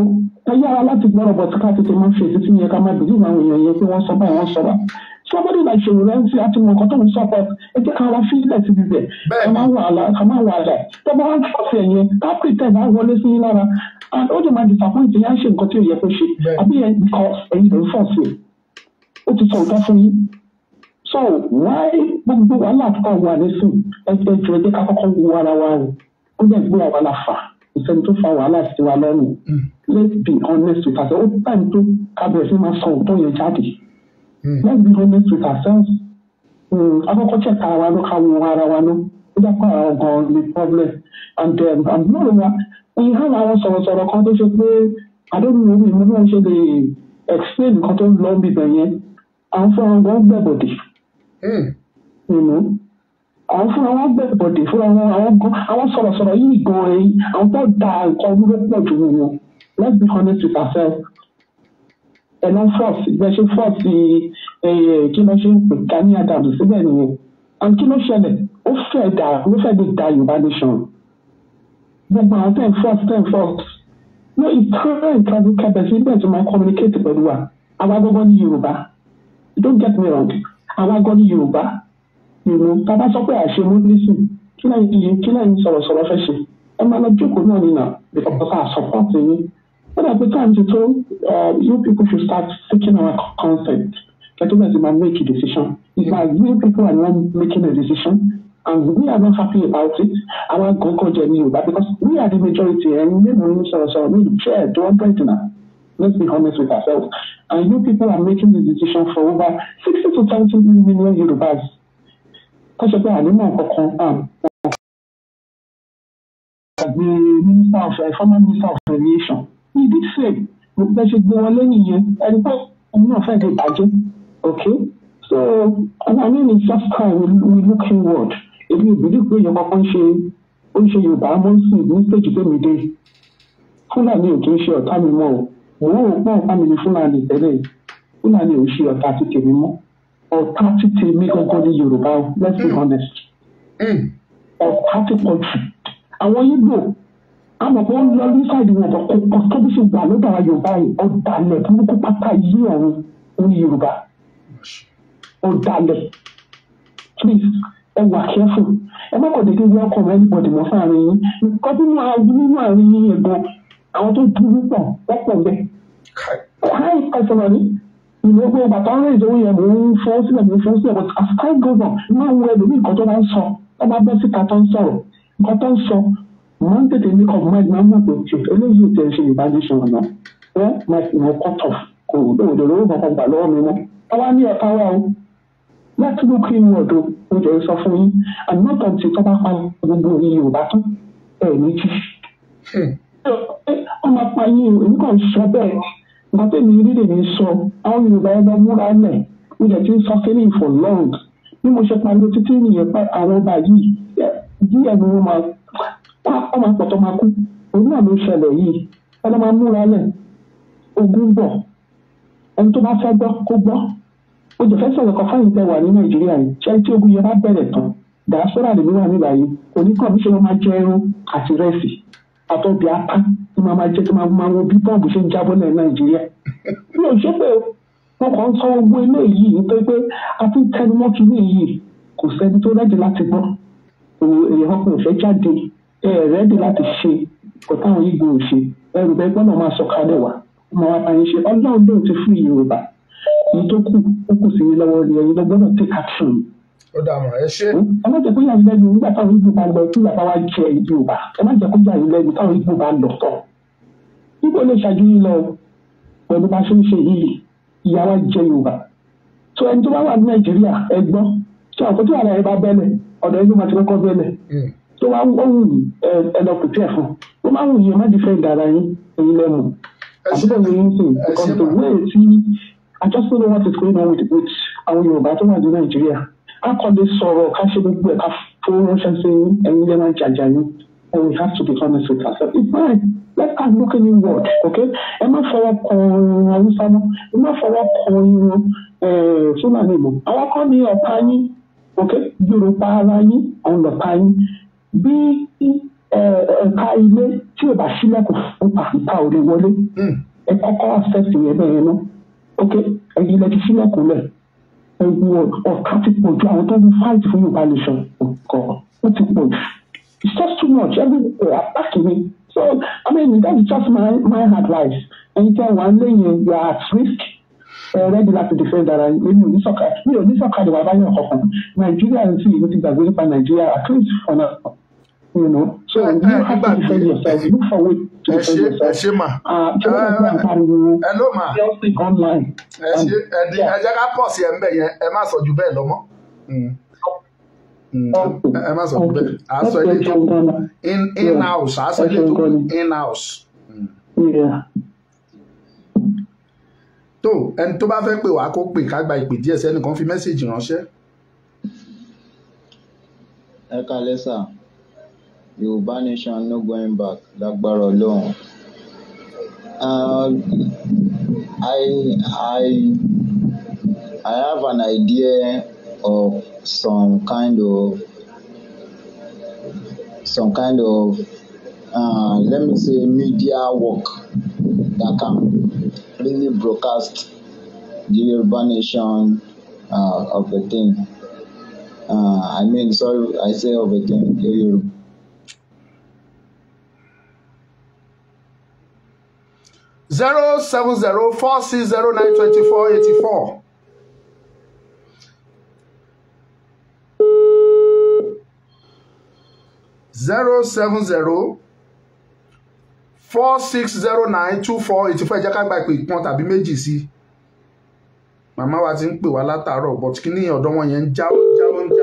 ẹ yára láti gbọ́rọ̀ bọ̀ ká tètè máa ń ṣe ètùtù yẹn ká má bìí ìwà àwọn èèyàn yẹn pé wọ́n sọ báyìí wọ́n sọ báyìí somebody like ṣe rẹ ń fi àti mọ nǹkan tó ń support ẹ jẹ́ ká ara fílẹ̀ sí ibẹ̀ ká má wà á ká má wà á dà tó bá wọn fọ́ sí ẹ̀yẹn ká pretend á wọlé sí yín lára and ó dì máa disappoint yẹn á ṣe nǹkan tí ò yẹ kó ṣe àbí yẹn kọ ẹ̀yin ló ń fọ́ sí ó ti sọ ọ̀gá fún yín so why gbogbo wàhálà àtúkọ̀ wà nísìn ẹ jẹ́ ká kọ́kọ́ wo ara wa rò ó dẹ̀ gbé àwa la fà á kò tó fa wàhálà sí wa lọ́rùn hmm. let's be honest with ourselves ó bá ní tó kábẹ̀rẹ̀ sí máa sọ òótọ́ yẹn jáde hmm. let's be honest with ourselves hmm, akọ́kọ́ check ara wa ló ká wọn ara wa ló ó dápọ̀ ara wa gan problem and then àbúrò wa ìyá àwọn sọ̀rọ̀sọ̀rọ̀ kan tó ṣe pé adóbìnrin mi mo náà ṣe lè explain nǹkan tó ń lọ bíbẹ̀ yẹn àwọn fúnra wọn gbẹ̀bọ̀dì àwọn fún àwọn gbẹ̀bọ̀dẹ̀ fún àwọn àwọn sọ̀rọ̀sọ̀rọ̀ yìí gan-an ẹ̀yìn àwọn tó da nǹkan wúlò pọ̀ jù wọn let's be honest with ourselves ẹ̀nà force ìgbẹ́ ṣe force kí ló ṣe ń pè ká ní Adams síbẹ̀ nìyẹn and kí ló ṣẹlẹ̀ ó fẹ́ da ló fẹ́ de da Yorùbá nation gbogbo àwọn ten force ten force no ìtọ́rọ̀ nǹkan ló kẹbẹ̀ sí bẹ́ẹ̀ tó máa communicate pẹ̀lú wa àwa gbogbo ní Yorùbá don't get me wrong àwa gbogbo ní Yorùbá ìrún tàbá sọ pé àṣẹ múlísì kí lẹ́yìn kí lẹ́yìn sọ̀rọ̀sọ̀rọ̀ fẹ́ ṣe ẹ máa lọ jókòó náà nínà because I support yín wọ́n dàbí time ti tó uh, you people should start seeking our consent kẹ́tọ́ bẹ́ẹ̀ ti máa make a decision it's like you people are not making a decision and we are not happy about it àwọn agbọ̀ngàn jẹ ní yorùbá because we are the majority ẹ̀yin mélòó ní sọ̀rọ̀sọ̀rọ̀ mi ì jẹ́ ẹ̀dọ́ ọ̀dọ́ ìdènà let's be honest with ourselves and you people are making the decision for over sixty to seventy million yorùbás kó sọ pé àdéhùn kankan hàn um, àgbè minister of eh, former minister of aviation he did fail bẹ́ẹ̀ ṣe gbé wọn lẹ́yìn yẹn ẹni pé òun náà fẹ́ẹ́ di ìbàjẹ́ okay so I mean it's just time we, look inward èmi ò bìlí pé èèyàn kankan ṣe ó ń ṣe Yorùbá mọ́ sí ní stage tèmi dé Fúlàní ò kì í ṣe ọ̀tá mi mọ́ o òun ò pọ̀ ọ̀tá mi ní Fúlàní tẹ́lẹ̀ Fúlàní ò ṣe ọ̀tá ti tèmi mọ́ ọ̀tá ti tèmi gangan ní yorùbá o let's be hmm. honest hmm. ọ̀tá ti pọ̀ jù àwọn Ìgbò àmọ̀ bó ń lọ ní sáìdì wọn kò kọ́ tóbi ṣe gbà ló dára yorùbá yìí ọ̀dàlẹ̀ burúkú pátá yí ọ̀run ní yorùbá ọ̀dàlẹ̀ please ẹ wà kẹ́fù ẹ má kọ̀ déédéé welcome anybody mọ́ sáàrin yín nǹkan bí wọ́n á nínú àárín yín ẹ̀gbọ́n àwọn tó dúró pọ̀ wọ́pọ̀ bẹ́ẹ̀. quiet personally ìlógbó bàtà ń rèéjẹ òun yẹn mò ń fọ́ sílẹ̀ mò ń fọ́ sílẹ̀ but as time goes on máa ń wọ ẹlòmíì nǹkan tó bá ń sọ tó bá bẹ́ síta tó ń sọ̀rọ̀ nǹkan tó ń sọ mò ń tètè ní kọ̀ọ̀mù ẹ̀ máa ń mọ̀ pé ṣe eléyìí tẹ̀ ṣe ìbánisọ̀ ọ̀nà ẹ̀ mọ̀ kọ́tọ̀ kò lóòdò lówó kankan gbà lọ́wọ́ mi mọ́ ọwọ́ ní ẹ̀ka wa o láti ló kí inú ọ̀dọ̀ oúnjẹ sọ fún yín àmọ́ kan ti tọ́ bá pa gbogbo Yorùbá tán ẹ̀ méjì. ọmọ pa yín nǹkan sọ bàtẹ́mi rídè mi sọ àwọn yorùbá ẹgbẹ́ múra lẹ̀ ó jẹ́ tí ń sọ kínní for long bí mo ṣe pariwo títí nìyẹn pa àwọn ọba yìí díẹ̀ ni wọ́n máa pa ọmọ àpọ̀tọ́ máa kú òun náà ló ṣẹlẹ̀ yìí ẹni máa múra lẹ̀ ogun bọ̀ ẹni tó bá fẹ́ gbọ́ kó gbọ́ ó jẹ́ fẹ́ sọ̀rọ̀ kan fáyìn tẹ wà ní nàìjíríà yìí ṣé tí ogun yẹn bá bẹ̀rẹ̀ tán dàásọ́rà lè mú wà níbàyí oníkàwé ṣe wọ́n máa jẹ ẹrú àti rẹ́sì àtọ̀bẹ̀ apá tó máa máa jẹ́ tó máa wo bí bọ́ọ̀bù ṣe ń jábọ́ náà nàìjíríà mi ò ṣépè o wọn kàn ń sọ ogun eléyìí nítorí pé a ti ń tẹnu mọ́ kínní yìí kò sẹ́ni tó rẹ́dì láti gbọ́ èèyàn ọkùnrin ìfẹ́ jáde ẹ rẹ́dì láti ṣe ọ̀táwọn igbó ò ṣe ẹrù bẹ́ẹ̀ gbọ́dọ̀ máa sọ kalẹ̀ wá ọmọ wa ta ń ṣe ọlọ́run lóun ti fún Yorùbá èyí tó kù ó kù sí yín lọ́wọ́ ni ẹ̀yin lọ́gbọ́dọ̀ take action ó dà mọ̀ ẹ ṣe. ẹ má jẹ́ kó yà yín lẹ́nu nígbà táwọn igbó bá lọ nígbà táwa jẹ ibi ò bá ẹ má jẹ́ kó yà yín lẹ́nu táwọn igbó bá lọ tán. igbó lè ṣáájú yín lọ pẹ̀lú bá ṣe ń ṣe yìí ìyá wa jẹ yorùbá. tó ẹni tó bá wà ní nàìjíríà ẹ gbọ́ tí àkótó ààrẹ ẹ bá bẹ́lẹ̀ ọ̀dọ̀ ẹni máa ti kọ́kọ́ bẹ́lẹ̀ hmm. tó wá wọ́n yìí ẹ ẹ má I just don't know what is going on with with àwọn yorùbá tó kákọ́dé sọ̀rọ̀ ká ṣe gbogbo ẹ̀ ká fowó ránṣẹ́ sí ẹ̀yin lẹ́nu àjàjà yín and we have to be honest with ourselves. It's fine. Let us look any word, okay? Ẹ má fọwọ́ kan Awúsá mọ́, ẹ má fọwọ́ kan irun eh, Fúlàní mọ́. Àwọn kan ní ọ̀pá yín, okay? Yorùbá ara yín, àwọn ọ̀pá yín. Bí eh, ẹ̀ka ilé tí ò bá sílẹ̀kùn fún pàǹpà ò wọlé. Hmm. Ẹ kọ́kọ́ accept ìyẹn bẹ́ẹ̀ náà, okay? Ẹ̀yin lẹ ti sílẹ̀kùn lẹ̀ ẹ̀wọ̀n ọ̀ka ti pọ̀ ju àwọn tó ń fight fún Yorùbá nation ọ̀kọ̀ oh, ó ti pọ̀ jù it's just too much everywhere eh, apart from me so I mean that is just my my advice ẹ̀yin tí wọ́n lẹ́yìn you are at risk eh, ready láti defend ara èmi ò ní sọ̀ka mi ò ní sọ̀ka ìwà báyọ̀ kankan Nàìjíríà ń sì ìlú ti gbàgbé nípa Nàìjíríà at least for now. You know, so uh, you uh, have to defend yourself. Look for ways to defend eh, yourself. Ẹ ṣe ma. Ẹ ló ma. online. Ẹ ṣe ẹ jẹ́ ká pọ̀ sí ẹ̀ ń bẹ̀ yẹn, ẹ má sọ jù bẹ́ẹ̀ lọ́mọ́. Hmm. Hmm. Ẹ má sọ jù bẹ́ẹ̀. À sọ In house, à sọ ilé tó In house. Tó ẹni tó bá fẹ́ pè wá kó pè ká gba ìpè díẹ̀ sẹ́nìkan fi mẹ́sẹ̀gì ránṣẹ́. Ẹ kalẹ́ sáà. Yorùbá nation no going back lágbára Ọlọ́run. Uh, I, I, I have an idea of some kind of some kind of uh, let me say media work that can really broadcast the Yoruba nation uh, of the thing. Uh, I mean, sorry, I say of the thing, Yoruba. zero seven zero four six zero nine twenty four eighty four. zero seven zero four six zero nine two four eighty four ẹ jẹ́ ká gba ìpè kan tàbí méjì sí i màmá wa ti ń pè wá látàárọ̀ but kíní ọ̀dọ́ wọn yẹn ń jáwọ́ jáwọ́ ń jáwọ́.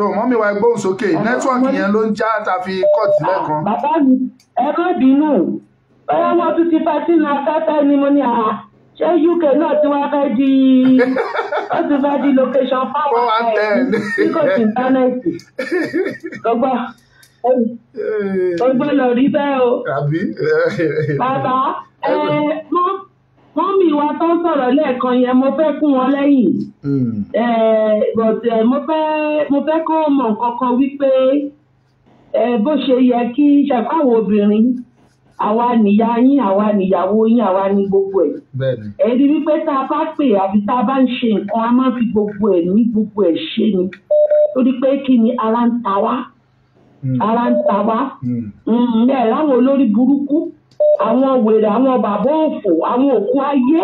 tó mọ́mí wa gbóhùn sókè nẹ́tíwọ̀kì yẹn ló ń já ta fi kọ́ọ̀tì lẹ́ẹ̀kan. bàbá mi ẹ má bínú báyọ̀ wọn tún ti fatí na kátà ni mo ní àá ah, ṣé uk náà tí wọ́n fẹ́ di wọ́n ti fẹ́ di location fáwọn ọ̀rẹ́ mi tí kò sí íńtánẹ́ẹ̀tì gbọ́gbọ́ ó gbọ́ lọ rí bẹ́ẹ̀ o bàbá ẹ mọ́ mọ́mì wa tó ń sọ̀rọ̀ lẹ́ẹ̀kan yẹn mo fẹ́ kún wọn lẹ́yìn hmm. but mo fẹ́ mo fẹ́ kó mọ̀ kankan wípé bó ṣe yẹ kí ṣàfáwọ̀ obìnrin àwa nìyá yín àwa nìyàwó yín àwa ní gbogbo ẹ̀ ẹ̀rí wípé tá a bá pè àbí tá a bá ń ṣe nǹkan a máa fi gbogbo ẹ̀ ní gbogbo ẹ̀ ṣe ni torí pé kí ni ara ń ta wá hmm. ara ń ta wá hmm. ẹ̀ láwọn olórí burúkú àwọn wèrè àwọn bàbá òfò àwọn òkú ayé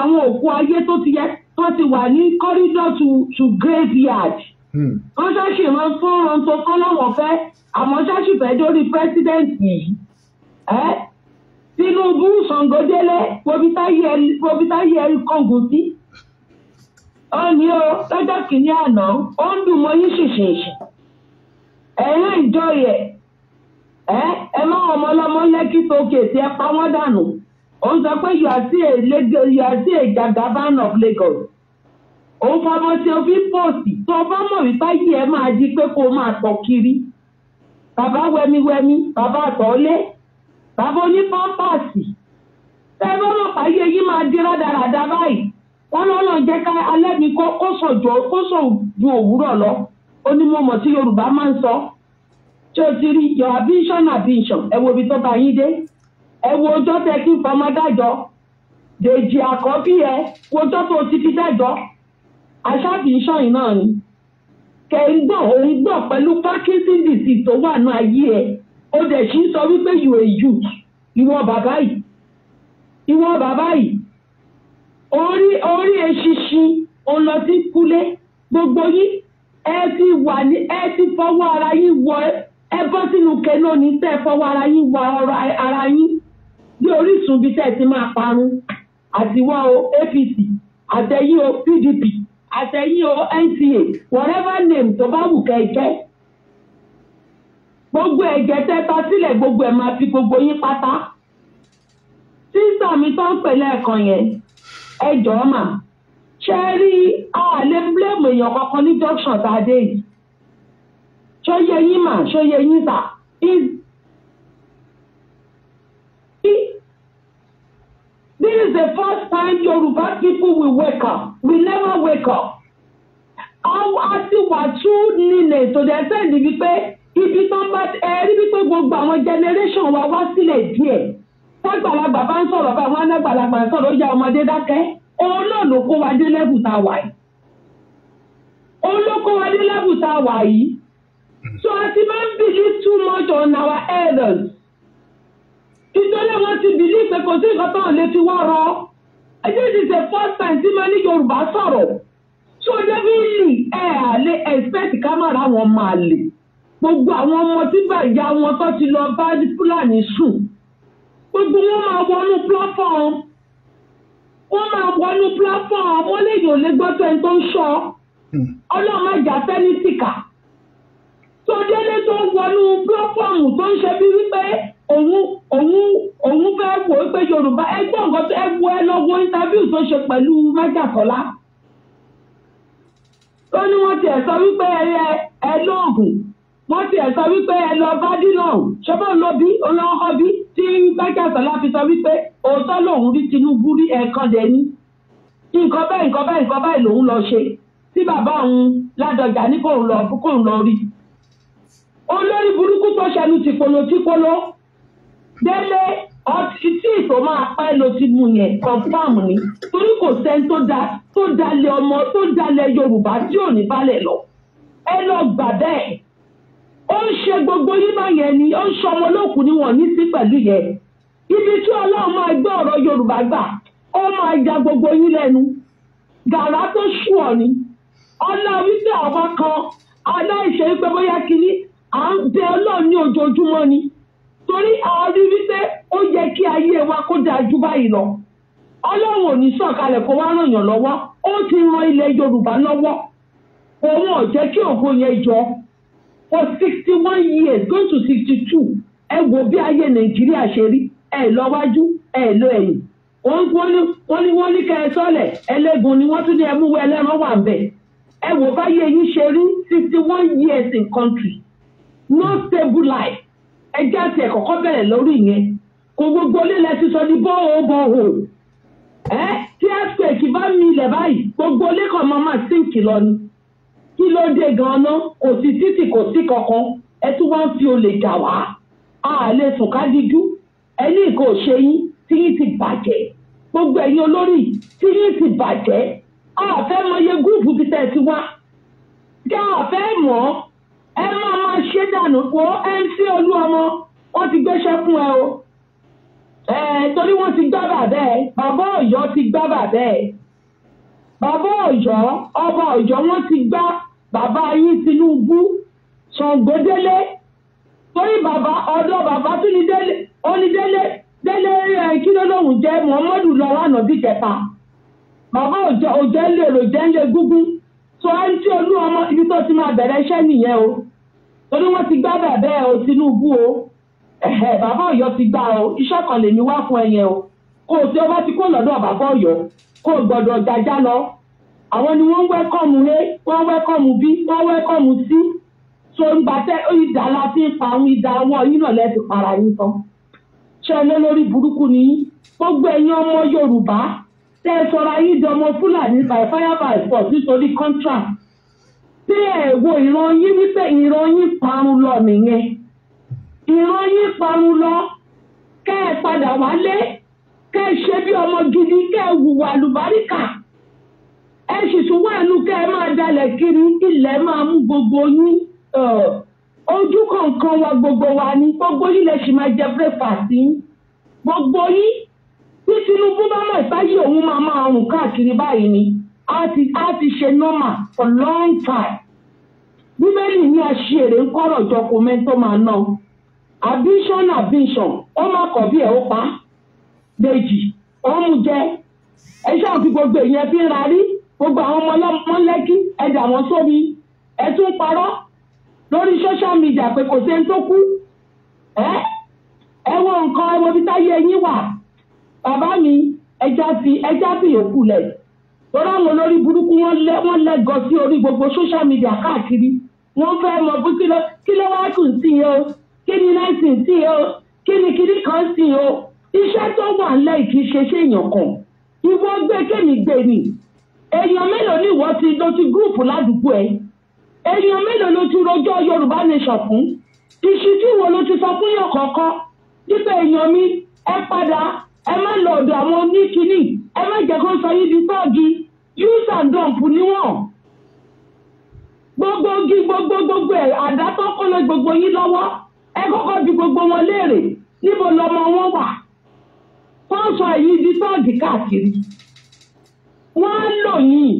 àwọn òkú ayé tó ti yẹ tó ti wà ní corridor to to graveyard hmm. wọ́n ṣáàṣì máa ń fún ohun tó kọ́ lọ́wọ́n fẹ́ àmọ́ ṣáàṣì fẹ́ dórí president yìí ẹ́ Tinubu Sangodele Robitaye kọ̀ǹgùn sí ó ní o lọ́jọ́ kìíní àná ó ń dùn mọ́ yín ṣìṣìṣì ẹ̀rín ìjọ yẹ̀. ẹ má ọmọ ọlọ́mọ lẹ́kí sókè tí ẹ pa wọ́n dànù ó sọ pé you are still a Lagos you are of Lagos ó fọmọ tí o fi pòsì tó o bá mọ̀ wípé yìí ẹ máa di pé kó o máa tọ̀ kiri bàbá wẹmiwẹmi bàbá àtọ̀ọ́lé bàbá ju òwúrọ̀ lọ ó ní mo mọ̀ tí ṣòtìrí your ambition ambition ẹ wo ibi tó bá yín dé ẹ wo ọjọ́ tẹ kí n fọmọ dájọ́ dèjì àkọ́bí ẹ wo ọjọ́ tó ti fi dájọ́ aṣáàbíṣàn yìí náà ni kẹ ń gbọ́ òun gbọ́ pẹ̀lú Parkinson's disease tó wà ní ayé ẹ ó dẹ̀ sì ń sọ wípé you are you ìwọ bàbá yìí ìwọ bàbá yìí orí orí eṣinṣin òun lọ sí kúlé gbogbo yìí ẹ ti wà ní ẹ ti fọwọ́ ara yín wọ ẹ bọ́ sínú kẹ́nà ní tẹ́ fọwọ́ ara yín wa ọ̀rọ̀ ara yín bí orísun bíi tẹ́ ti máa parun àtiwọ́ o APC àtẹ̀yí o PDP àtẹ̀yí o NTA whatever name tó bá wù kẹ́ ẹ jẹ́ gbogbo ẹ̀jẹ̀ tẹ́ ta sílẹ̀ gbogbo ẹ̀ máa fi gbogbo yín pátá sísà mi tó ń pè lẹ́ẹ̀kan yẹn ẹ jọ̀ọ́ mà ṣe rí àlè blame èèyàn kankan ní junction tá a dé yìí ṣọyẹ yín mà ṣọyẹ yín tà This is the first time Yoruba people will wake up. We never wake up. Àwọn àtiwà tún nílẹ̀ tó dẹ̀ sẹ́ǹdì wípé ibi tó ń bá ẹ̀rí wípé gbogbo àwọn generation wa wá sílẹ̀ díẹ̀. Tágbàlagbà bá ń sọ̀rọ̀ bá wọn alágbàlagbà sọ̀rọ̀ ya ọmọdé dákẹ́. Òun náà ló kó wa dé lẹ́bù tá a wà yìí. Òun ló kó wa dé lẹ́bù tá a wà yìí. So as human believe too much on our elders. Nítorí àwọn ti believe pé kò sí nǹkan táwọn lè fi wá This is the first time tí mo ní Yorùbá So definitely ẹ à lè expect ká má ra wọn máa lè. Gbogbo àwọn ọmọ tí bàjẹ́ àwọn tó ti lọ bá Fúlàní sùn. Gbogbo wọn máa wọnú platform. Wọ́n máa wọnú platform. Wọ́n lè yàn lé gbọ́tọ̀ ẹni tó ń sọ. Hmm. Ọlọ́run má jà fẹ́ ní tìkà tó délé tó ń wọnú pílọ́fọ̀mù tó ń ṣe bí wípé òun òun òun fẹ́ wò ó pé Yorùbá ẹ gbọ́ nǹkan tó ẹ wo ẹ lọ wo interview tó ṣe pẹ̀lú májàkọ́lá ó ní wọ́n tiẹ̀ sọ wípé ẹ ẹ lóògùn wọ́n tiẹ̀ sọ wípé ẹ lọ bá dílọ̀hùn ṣọ́bọ̀ ló bí ọlọ́họ́ bí tí májàkọ́lá fi sọ wípé òótọ́ lòun rí Tinubu rí ẹ̀ẹ̀kan dẹ̀ni nǹkan bẹ́ẹ̀ nǹkan bẹ́ẹ̀ nǹkan bẹ́ẹ̀ lòun lọ ṣe tí bàbá òun ládọjà ní kóun lọ kóun lọ rí i olórí burúkú tó ṣẹnu tìpolo tìpolo délé ọtí tí ìtò máa pa ẹ ló ti mú yẹn confam ni torí kò sẹ́ni tó da tó dalẹ̀ ọmọ tó dalẹ̀ yorùbá tí ò ní balẹ̀ lọ ẹ lọ gbà bẹ́ẹ̀ ó ń ṣe gbogbo yíbá yẹn ni ó ń ṣọmọ olókùn ni wọ́n ní sí pẹ̀lú yẹn ibi tí ọlọ́run máa gbé ọ̀rọ̀ yorùbá gbà ó máa ja gbogbo yín lẹ́nu gàrà tó ṣù ọ ni ọlọ́run wípé àwọn kan aláìṣe wípé bóyá kínní à ń bẹ ọlọ́run ní ojoojúmọ́ ni torí a rí wípé ó yẹ kí ayé wa kó dáa ju báyìí lọ ọlọ́run ò ní sọ̀kalẹ̀ kó wá ràn yàn lọ́wọ́ ó ti ran ilẹ̀ yorùbá lọ́wọ́ òun ò jẹ́ kí ògo yẹn jọ for sixty one years go to sixty two ẹ wo bí ayé nàìjíríà ṣe rí ẹ lọ wájú ẹ lọ ẹ̀yìn wọ́n ní wọ́n ní kẹ́ ẹ sọ́lẹ̀ ẹlẹ́gùn ni wọ́n tún ní ẹmúwẹ́ ẹlẹ́ran wà ń bẹ̀ ẹ wò báyé yín ṣe rí sixty one years in country no stable life ẹjẹ́ àti ẹ̀kọ́ kọ́ bẹ̀rẹ̀ lórí yẹn kò gbogbo lílẹ̀ ti sọ ní bọ́ọ̀ bọ́ọ̀ ẹ tí earthquake bá mi ilẹ̀ báyìí gbogbo lẹ́kọ̀ọ́ máa máa sink lọ ni kí ló dé gan-an kò sí títì kò sí kankan ẹ tún wá ń fi olè jà wá a lè sùn ká díjú ẹ ní nǹkan ò ṣe yín tí yín ti bàjẹ́ gbogbo ẹ̀yin olórí tí yín ti bàjẹ́ a fẹ́ mọ iye gúúpù bíi tẹ̀ sí wa kí a fẹ́ mọ̀ ọ́ ẹ máa máa ṣe dànù kó MC Olúọmọ wọ́n ti gbéṣẹ́ fún ẹ o torí wọ́n ti gbá bàbá ẹ bàbá Ọ̀yọ́ ti gbá bàbá ẹ bàbá Ọ̀yọ́ ọba Ọ̀yọ́ wọ́n ti gbá bàbá yín Tinubu Ṣàngódélé torí bàbá ọ̀dọ̀ bàbá tún ní délé ó ní délé délé ẹ kí ló lóun jẹ Muhammadu lọ lánàá bí kẹta bàbá òjẹ òjẹ ń lè rò jẹ ń lè gúngún tó á ń tí olú ọmọ ibi tó ti máa bẹ̀rẹ̀ iṣẹ́ nìyẹn o torí wọ́n ti gbá bàbá ẹ̀ o Tinubu o ẹ̀hẹ̀ bàbá Ọ̀yọ́ ti gbá o iṣẹ́ kan lèmi wá fún ẹyẹn o kó o tí o bá ti kó lọ́dọ̀ bàbá Ọ̀yọ́ kó o gbọ́dọ̀ jajá lọ àwọn ni wọ́n ń wẹ́kọ̀mù a wọ́n wẹ́kọ̀mù b wọ́n wẹ́kọ̀mù c tó ń gbàtẹ́ ìdá la fi ń pa àwọn ìdá wọn yín náà lẹ́ẹ̀fi para yín tán ṣẹ́ lé lórí burúkú ni gbogbo ẹ̀yin ọmọ Yorùbá tẹ́ ẹ sọra yín dọmọ fúlàní by fire by force nítorí contract tẹ́ ẹ wo ìran yín wípé ìran yín parun lọ nìyẹn ìran yín parun lọ kẹ́ ẹ padà wálé kẹ́ ẹ ṣe bí ọmọ gidi kẹ́ ẹ hùwà àlùbáríkà ẹ sì tún wà nù kẹ́ ẹ máa dalẹ̀ kiri ilẹ̀ máa mú gbogbo yín ojú kọ̀ọ̀kan wa gbogbo wa ni gbogbo yín lè ṣì máa jẹ breakfast yín gbogbo yín tí Tinubu bá mọ̀ ìbáyé òun máa máa rùn káàkiri báyìí ni a ti a ti ṣe normal for long time bíbélì ní aṣèrè ń kọ́rọ̀ jọ kò mẹ́tọ́ máa ná abisan abisan ó má kọ̀ bí ẹ̀ ó pa dèjì ó jẹ ẹ ṣáà fi gbogbo ìyẹn fi ń rarí gbogbo àwọn ọmọ ọlọ́mọ lẹ́kí ẹ dà wọ́n ẹ tún parọ́ lórí social media pé kò sí ẹni tó kú ẹ ẹ wo nǹkan ẹ wo bí táyé ẹyin wà. bàbá mi ẹja fi ẹja fi yòókù lẹ̀ lọ́dọ̀ àwọn olórí burúkú wọ́n lẹ́ wọ́n lẹ́gọ sí orí gbogbo social media káàkiri wọ́n fẹ́ mọ bí kíló kíló wákù sí o kí ni náìsì sí o kí ni kiri kan sí o iṣẹ́ tó wà ńlẹ̀ kì í ṣe ṣe èèyàn kan ìwọ gbé kémi gbé ni èèyàn mélòó ni ìwọ ti lọ ti gúrùpù ládùúgbò ẹ èèyàn mélòó ló ti rojọ́ Yorùbá nation fún ìṣíjú wo ló ti sọ fún yàn kọ̀ọ̀kan nípa èèyàn mi ẹ padà ẹ má lọ ọ̀dọ̀ àwọn oníkíní ẹ má jẹ́ kó sọ yín di tọ́ọ̀gì use and dump níwọ̀n gbogbo igi gbogbo gbogbo ẹ̀ àdá tó kọ́ lọ gbogbo yín lọ́wọ́ ẹ kọ́kọ́ bi gbogbo wọn léèrè níbo lọmọ wọn wà wọ́n sọ èyí di tọ́ọ̀gì káàkiri wọ́n á lò yín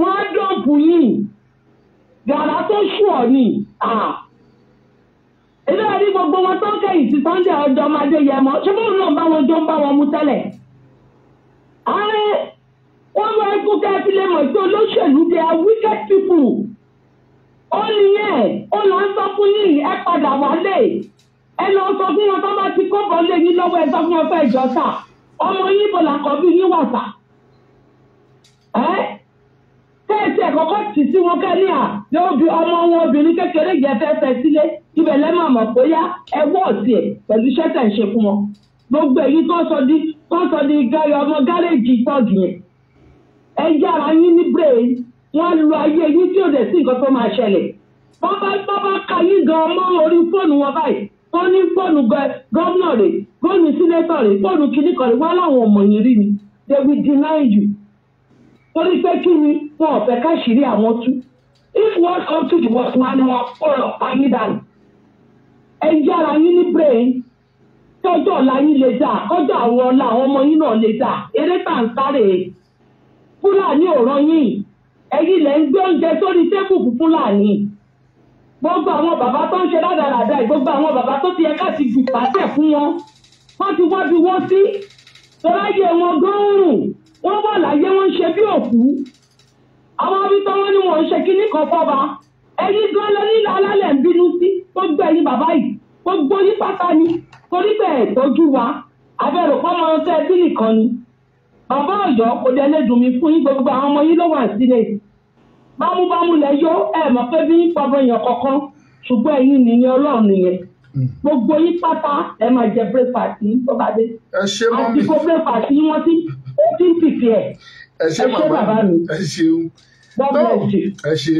wọ́n á dọ̀pù yín gàrà tó ṣù ni. Ah ilé ẹ̀rí gbogbo wọn tó kẹ́yìn sí Sunday ọjọ́ ọmọdé yẹ mọ́ ṣé bóun náà bá wọn jó ń bá wọn mú tẹ́lẹ̀. ààrẹ wọn bá ikú kẹ́ẹ̀fì lè mọ̀ pé olóṣèlú they are wicked people. ó nìyẹn ó lọ ń sọ fún yìí ẹ padà wálé ẹ lọ sọ fún wọn tó bá ti kó bọ́ lé yín lọ́wọ́ ẹ sọ fún wọn fẹ́ ìjọ sà ọmọ yín bò làkọ́bí yín wà sà. kẹ́ẹ̀sì ẹ̀kọ́kọ́ tì sí wọn kẹ́ ní à yóò bí ọmọ wọn obìnrin kékeré yẹn fẹ́ fẹ́ sílé ibẹ̀ lẹ́ máa mọ̀ bóyá ẹ wọ́ pẹ̀lú iṣẹ́ tẹ̀ ń ṣe fún wọn gbogbo èyí tó sọ di tó sọ di gáyọ ọmọ gáréèjì tọ́ọ̀gì yẹn ẹ yára yín ní brain wọn lu ayé yín tí ò dẹ̀ sí nǹkan tó máa ṣẹlẹ̀ wọ́n bá bá bá ka yín gan mọ́ orí fóònù wọn báyìí wọ́n ní fóònù gómìnà rẹ̀ fóònù sínétọ̀ rẹ̀ fóònù kìnnìkan rẹ̀ wọ́n láwọn ọmọ yìí rí ni they will deny you torí pé kí ni wọn ò fẹ́ káṣírí àwọn tú if one come to the worst man wọn ò rọ̀ pa yín ẹ yára yín ní brain kọjọ́ ọ̀la yín lè dà kọjọ́ àwọn ọ̀la àwọn ọmọ yín náà lè dà eré tà ń sáré fúlàní ò rán yín ẹ̀yin lẹ̀ ń gbé oúnjẹ sórí tébù fún fúlàní gbogbo àwọn bàbá tó ń ṣe ládàradà gbogbo àwọn bàbá tó ti yẹ ká ti gbùgbà tẹ̀ fún wọn wọ́n ti wá bí wọ́n sí tọ́láyé wọn gọ́ọ̀rùn wọ́n wà láyé wọ́n ń ṣe bí òkú àwọn abítọ́ wọn ni wọ́n ń ṣe kinní kan fọ́ba ẹ̀yin gan lọ nílẹ̀ alálẹ̀ ń bínú sí gbogbo ẹ̀yin bàbá yìí gbogbo yín pátá ni torí bẹ́ẹ̀ tọ́jú wa abẹ́rò kọ́ máa ń tẹ́ bí nìkan ni bàbá ọ̀yọ́ kò dé ẹlẹ́dùn mi fún yín gbogbo àwọn ọmọ yín ló wà sílẹ̀ bámúbámú lẹ yó ẹ mọ̀ pé bí pàbọ̀ yẹn kankan ṣùgbọ́n ẹ̀yin nìyẹn ọlọ́run nìyẹn hmm. gbogbo yín pátá ẹ máa jẹ breakfast yín tó bá dé àsìkò breakfast yín wọ́n ti ó ti ń pìpì ẹ̀ ẹ ṣé bàbá mi ẹ ṣeun ẹ ṣe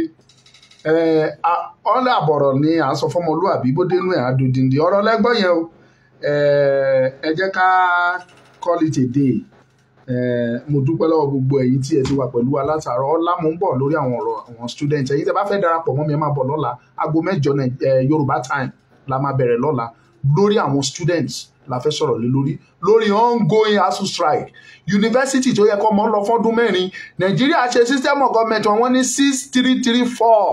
ọ̀lẹ́ àbọ̀rọ̀ ni à ń sọ fọmọlúàbí bó dénú ẹ̀ àdòdìndín ọ̀rọ̀ lẹ́gbọ́n yẹn o ẹ jẹ́ ká call it a day mo dúpẹ́ lọ́wọ́ gbogbo ẹ̀yin tí ẹ ti wà pẹ̀lú wa látàárọ̀ ọ̀la mo ń bọ̀ lórí àwọn ọ̀rọ̀ àwọn student ẹ̀yin tẹ́ bá fẹ́ darapọ̀ mọ́ mi ẹ máa bọ̀ lọ́la aago mẹ́jọ Yorùbá time la máa bẹ̀rẹ̀ lọ́la lórí àwọn students la fẹ́ sọ̀rọ̀ lé lórí lórí ongoing ASUU strike yunifásitì tó yẹ kọ́ mọ́ lọ fọ́dún mẹ́rin nàìjíríà ṣe system of government wọn ní six three three four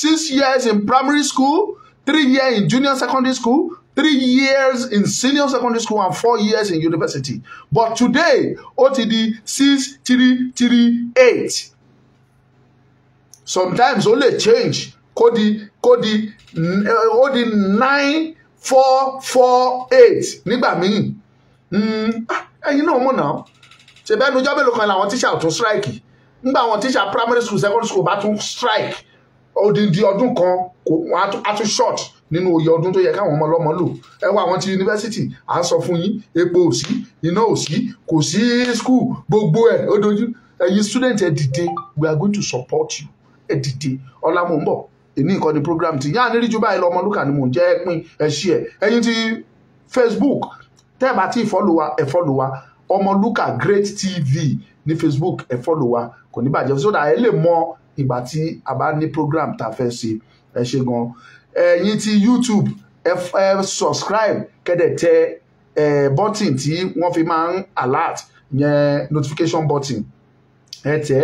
six years in primary school three years in junior secondary school three years in senior secondary school and four years in university but today ó ti di six three three eight sometimes ó lè change kó di kó di ó di nine four four eight nígbà míì mm, ah, ẹ̀yin náà mọ̀ náà ṣe bẹ́ẹ̀ nu jọ́bẹ̀lú kan làwọn tíṣà ò tún strike nígbà àwọn tíṣà primary school secondary school bá tún strike odindi ọdún kan a tún short nínú oyè ọdún tó yẹ káwọn ọmọ ọlọ́mọ lò ẹ wá àwọn ti yunifásitì à ń sọ fún yín epo ò sí iná ò sí kò sí school gbogbo ẹ ó dojú ẹ̀yin student ẹ dìde we are going to support you ẹ dìde ọlámọ ń bọ̀ èmi nǹkan ni program ti yáà nírí ju báyìí lọ Ọmọlúkà ni mò ń jẹ́ pín ẹ share ẹ̀yin ti Facebook tẹ́ ẹ̀ bá ti follow wa ẹ Ọmọlúkà Great TV ní Facebook ẹ follow wa kò ní bàjẹ́ sódà ẹ lè mọ ìgbà tí a bá ní program tá a fẹ́ ṣe ẹ ṣe gan ẹ̀yin ti YouTube ẹ ẹ subscribe kẹ́dẹ̀ tẹ ẹ button tí wọ́n fi máa ń alert yẹn notification button ẹ tẹ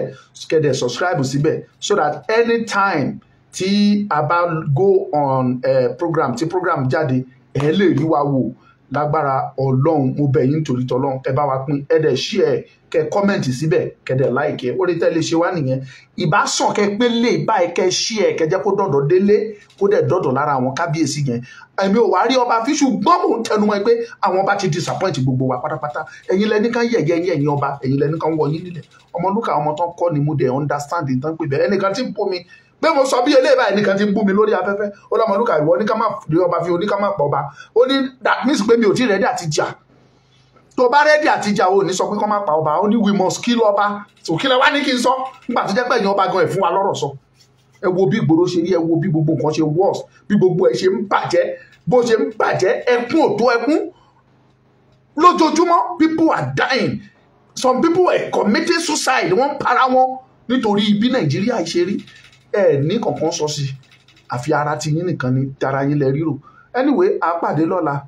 kẹ́dẹ̀ subscribe síbẹ̀ so that anytime tí a bá go on eh, program tí program jáde ẹ lè rí wa wò lágbára ọlọ́run mo bẹ̀ yín torí tọlọ́run ẹ bá wa pín ẹ dẹ̀ ṣí ẹ kẹ kọ́mẹ̀ntì síbẹ̀ kẹ dẹ̀ láìkẹ́ orí tẹ́ lè ṣe wá nìyẹn ìbá sàn kẹ pé lè báyìí kẹ ṣí ẹ kẹ jẹ́ kó dọ̀dọ̀ délé kó dẹ̀ dọ̀dọ̀ lára àwọn kábíyèsí yẹn èmi ò wá rí ọba fíṣù gbọ́n mò ń tẹnu wọn pé àwọn ọba ti disappoint gbogbo wa pátápátá ẹ̀yin lẹni kan yẹ̀yẹ́ yín ẹ̀yin ọba ẹ̀yin lẹ́ni kan wọ yín nílẹ̀ ọmọlúkà ọmọ tán kọ́ ni mo dẹ̀ understand ìtàn pé bẹ́ẹ̀ ẹnìkan tí ń bomi pé mo sọ bí eléyìí báyìí nìkan ti ń bú mi lórí afẹ́fẹ́ ó lọ́mọ lúkà ìwọ ní ká má fi ọba fi oníká má pọ̀ ọba ó ní that means pé mi ò tí rẹ́dí àti jà tó bá rẹ́dí àti jà ò ní sọ pé kọ́ má pa ọba ó ní we must kill ọba so kí lẹ wá ní kí n sọ nígbà tó jẹ́ pé ẹ̀yin ọba gan ẹ̀ fún wa lọ́rọ̀ sọ ẹ wo bí ìgboro ṣe rí ẹ wo bí gbogbo nǹkan ṣe worse bí gbogbo ẹ ṣe ń bàjẹ́ bó ṣe ń bàjẹ́ ẹkún òtó ẹkún lójoojúmọ́ people are dying some people are committing suicide wọ́n para wọn nítorí bí nàìjíríà ṣe rí ẹ ní kankan sọ sí àfi ara ti yín nìkan ni tara yín lẹ ríro anyway a lọ́la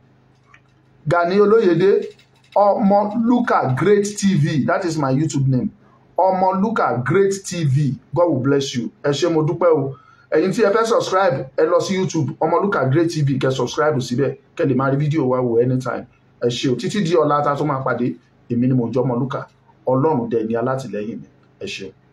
Gani Olóyèdé Ọmọlúkà Great TV that is my YouTube name Ọmọlúkà Great TV God will bless you ẹ ṣé mo dúpẹ́ o ẹ̀yin tí ẹ fẹ́ subscribe ẹ lọ sí YouTube Ọmọlúkà Great TV kẹ́ subscribe síbẹ̀ kẹ́ lè máa rí fídíò wa wò anytime ẹ ṣé o títí di ọ̀la tá a tún máa pàdé èmi ni mo jẹ́ Ọmọlúkà Ọlọ́run dẹ̀ ní alátìlẹ́yìn mi ẹ ṣé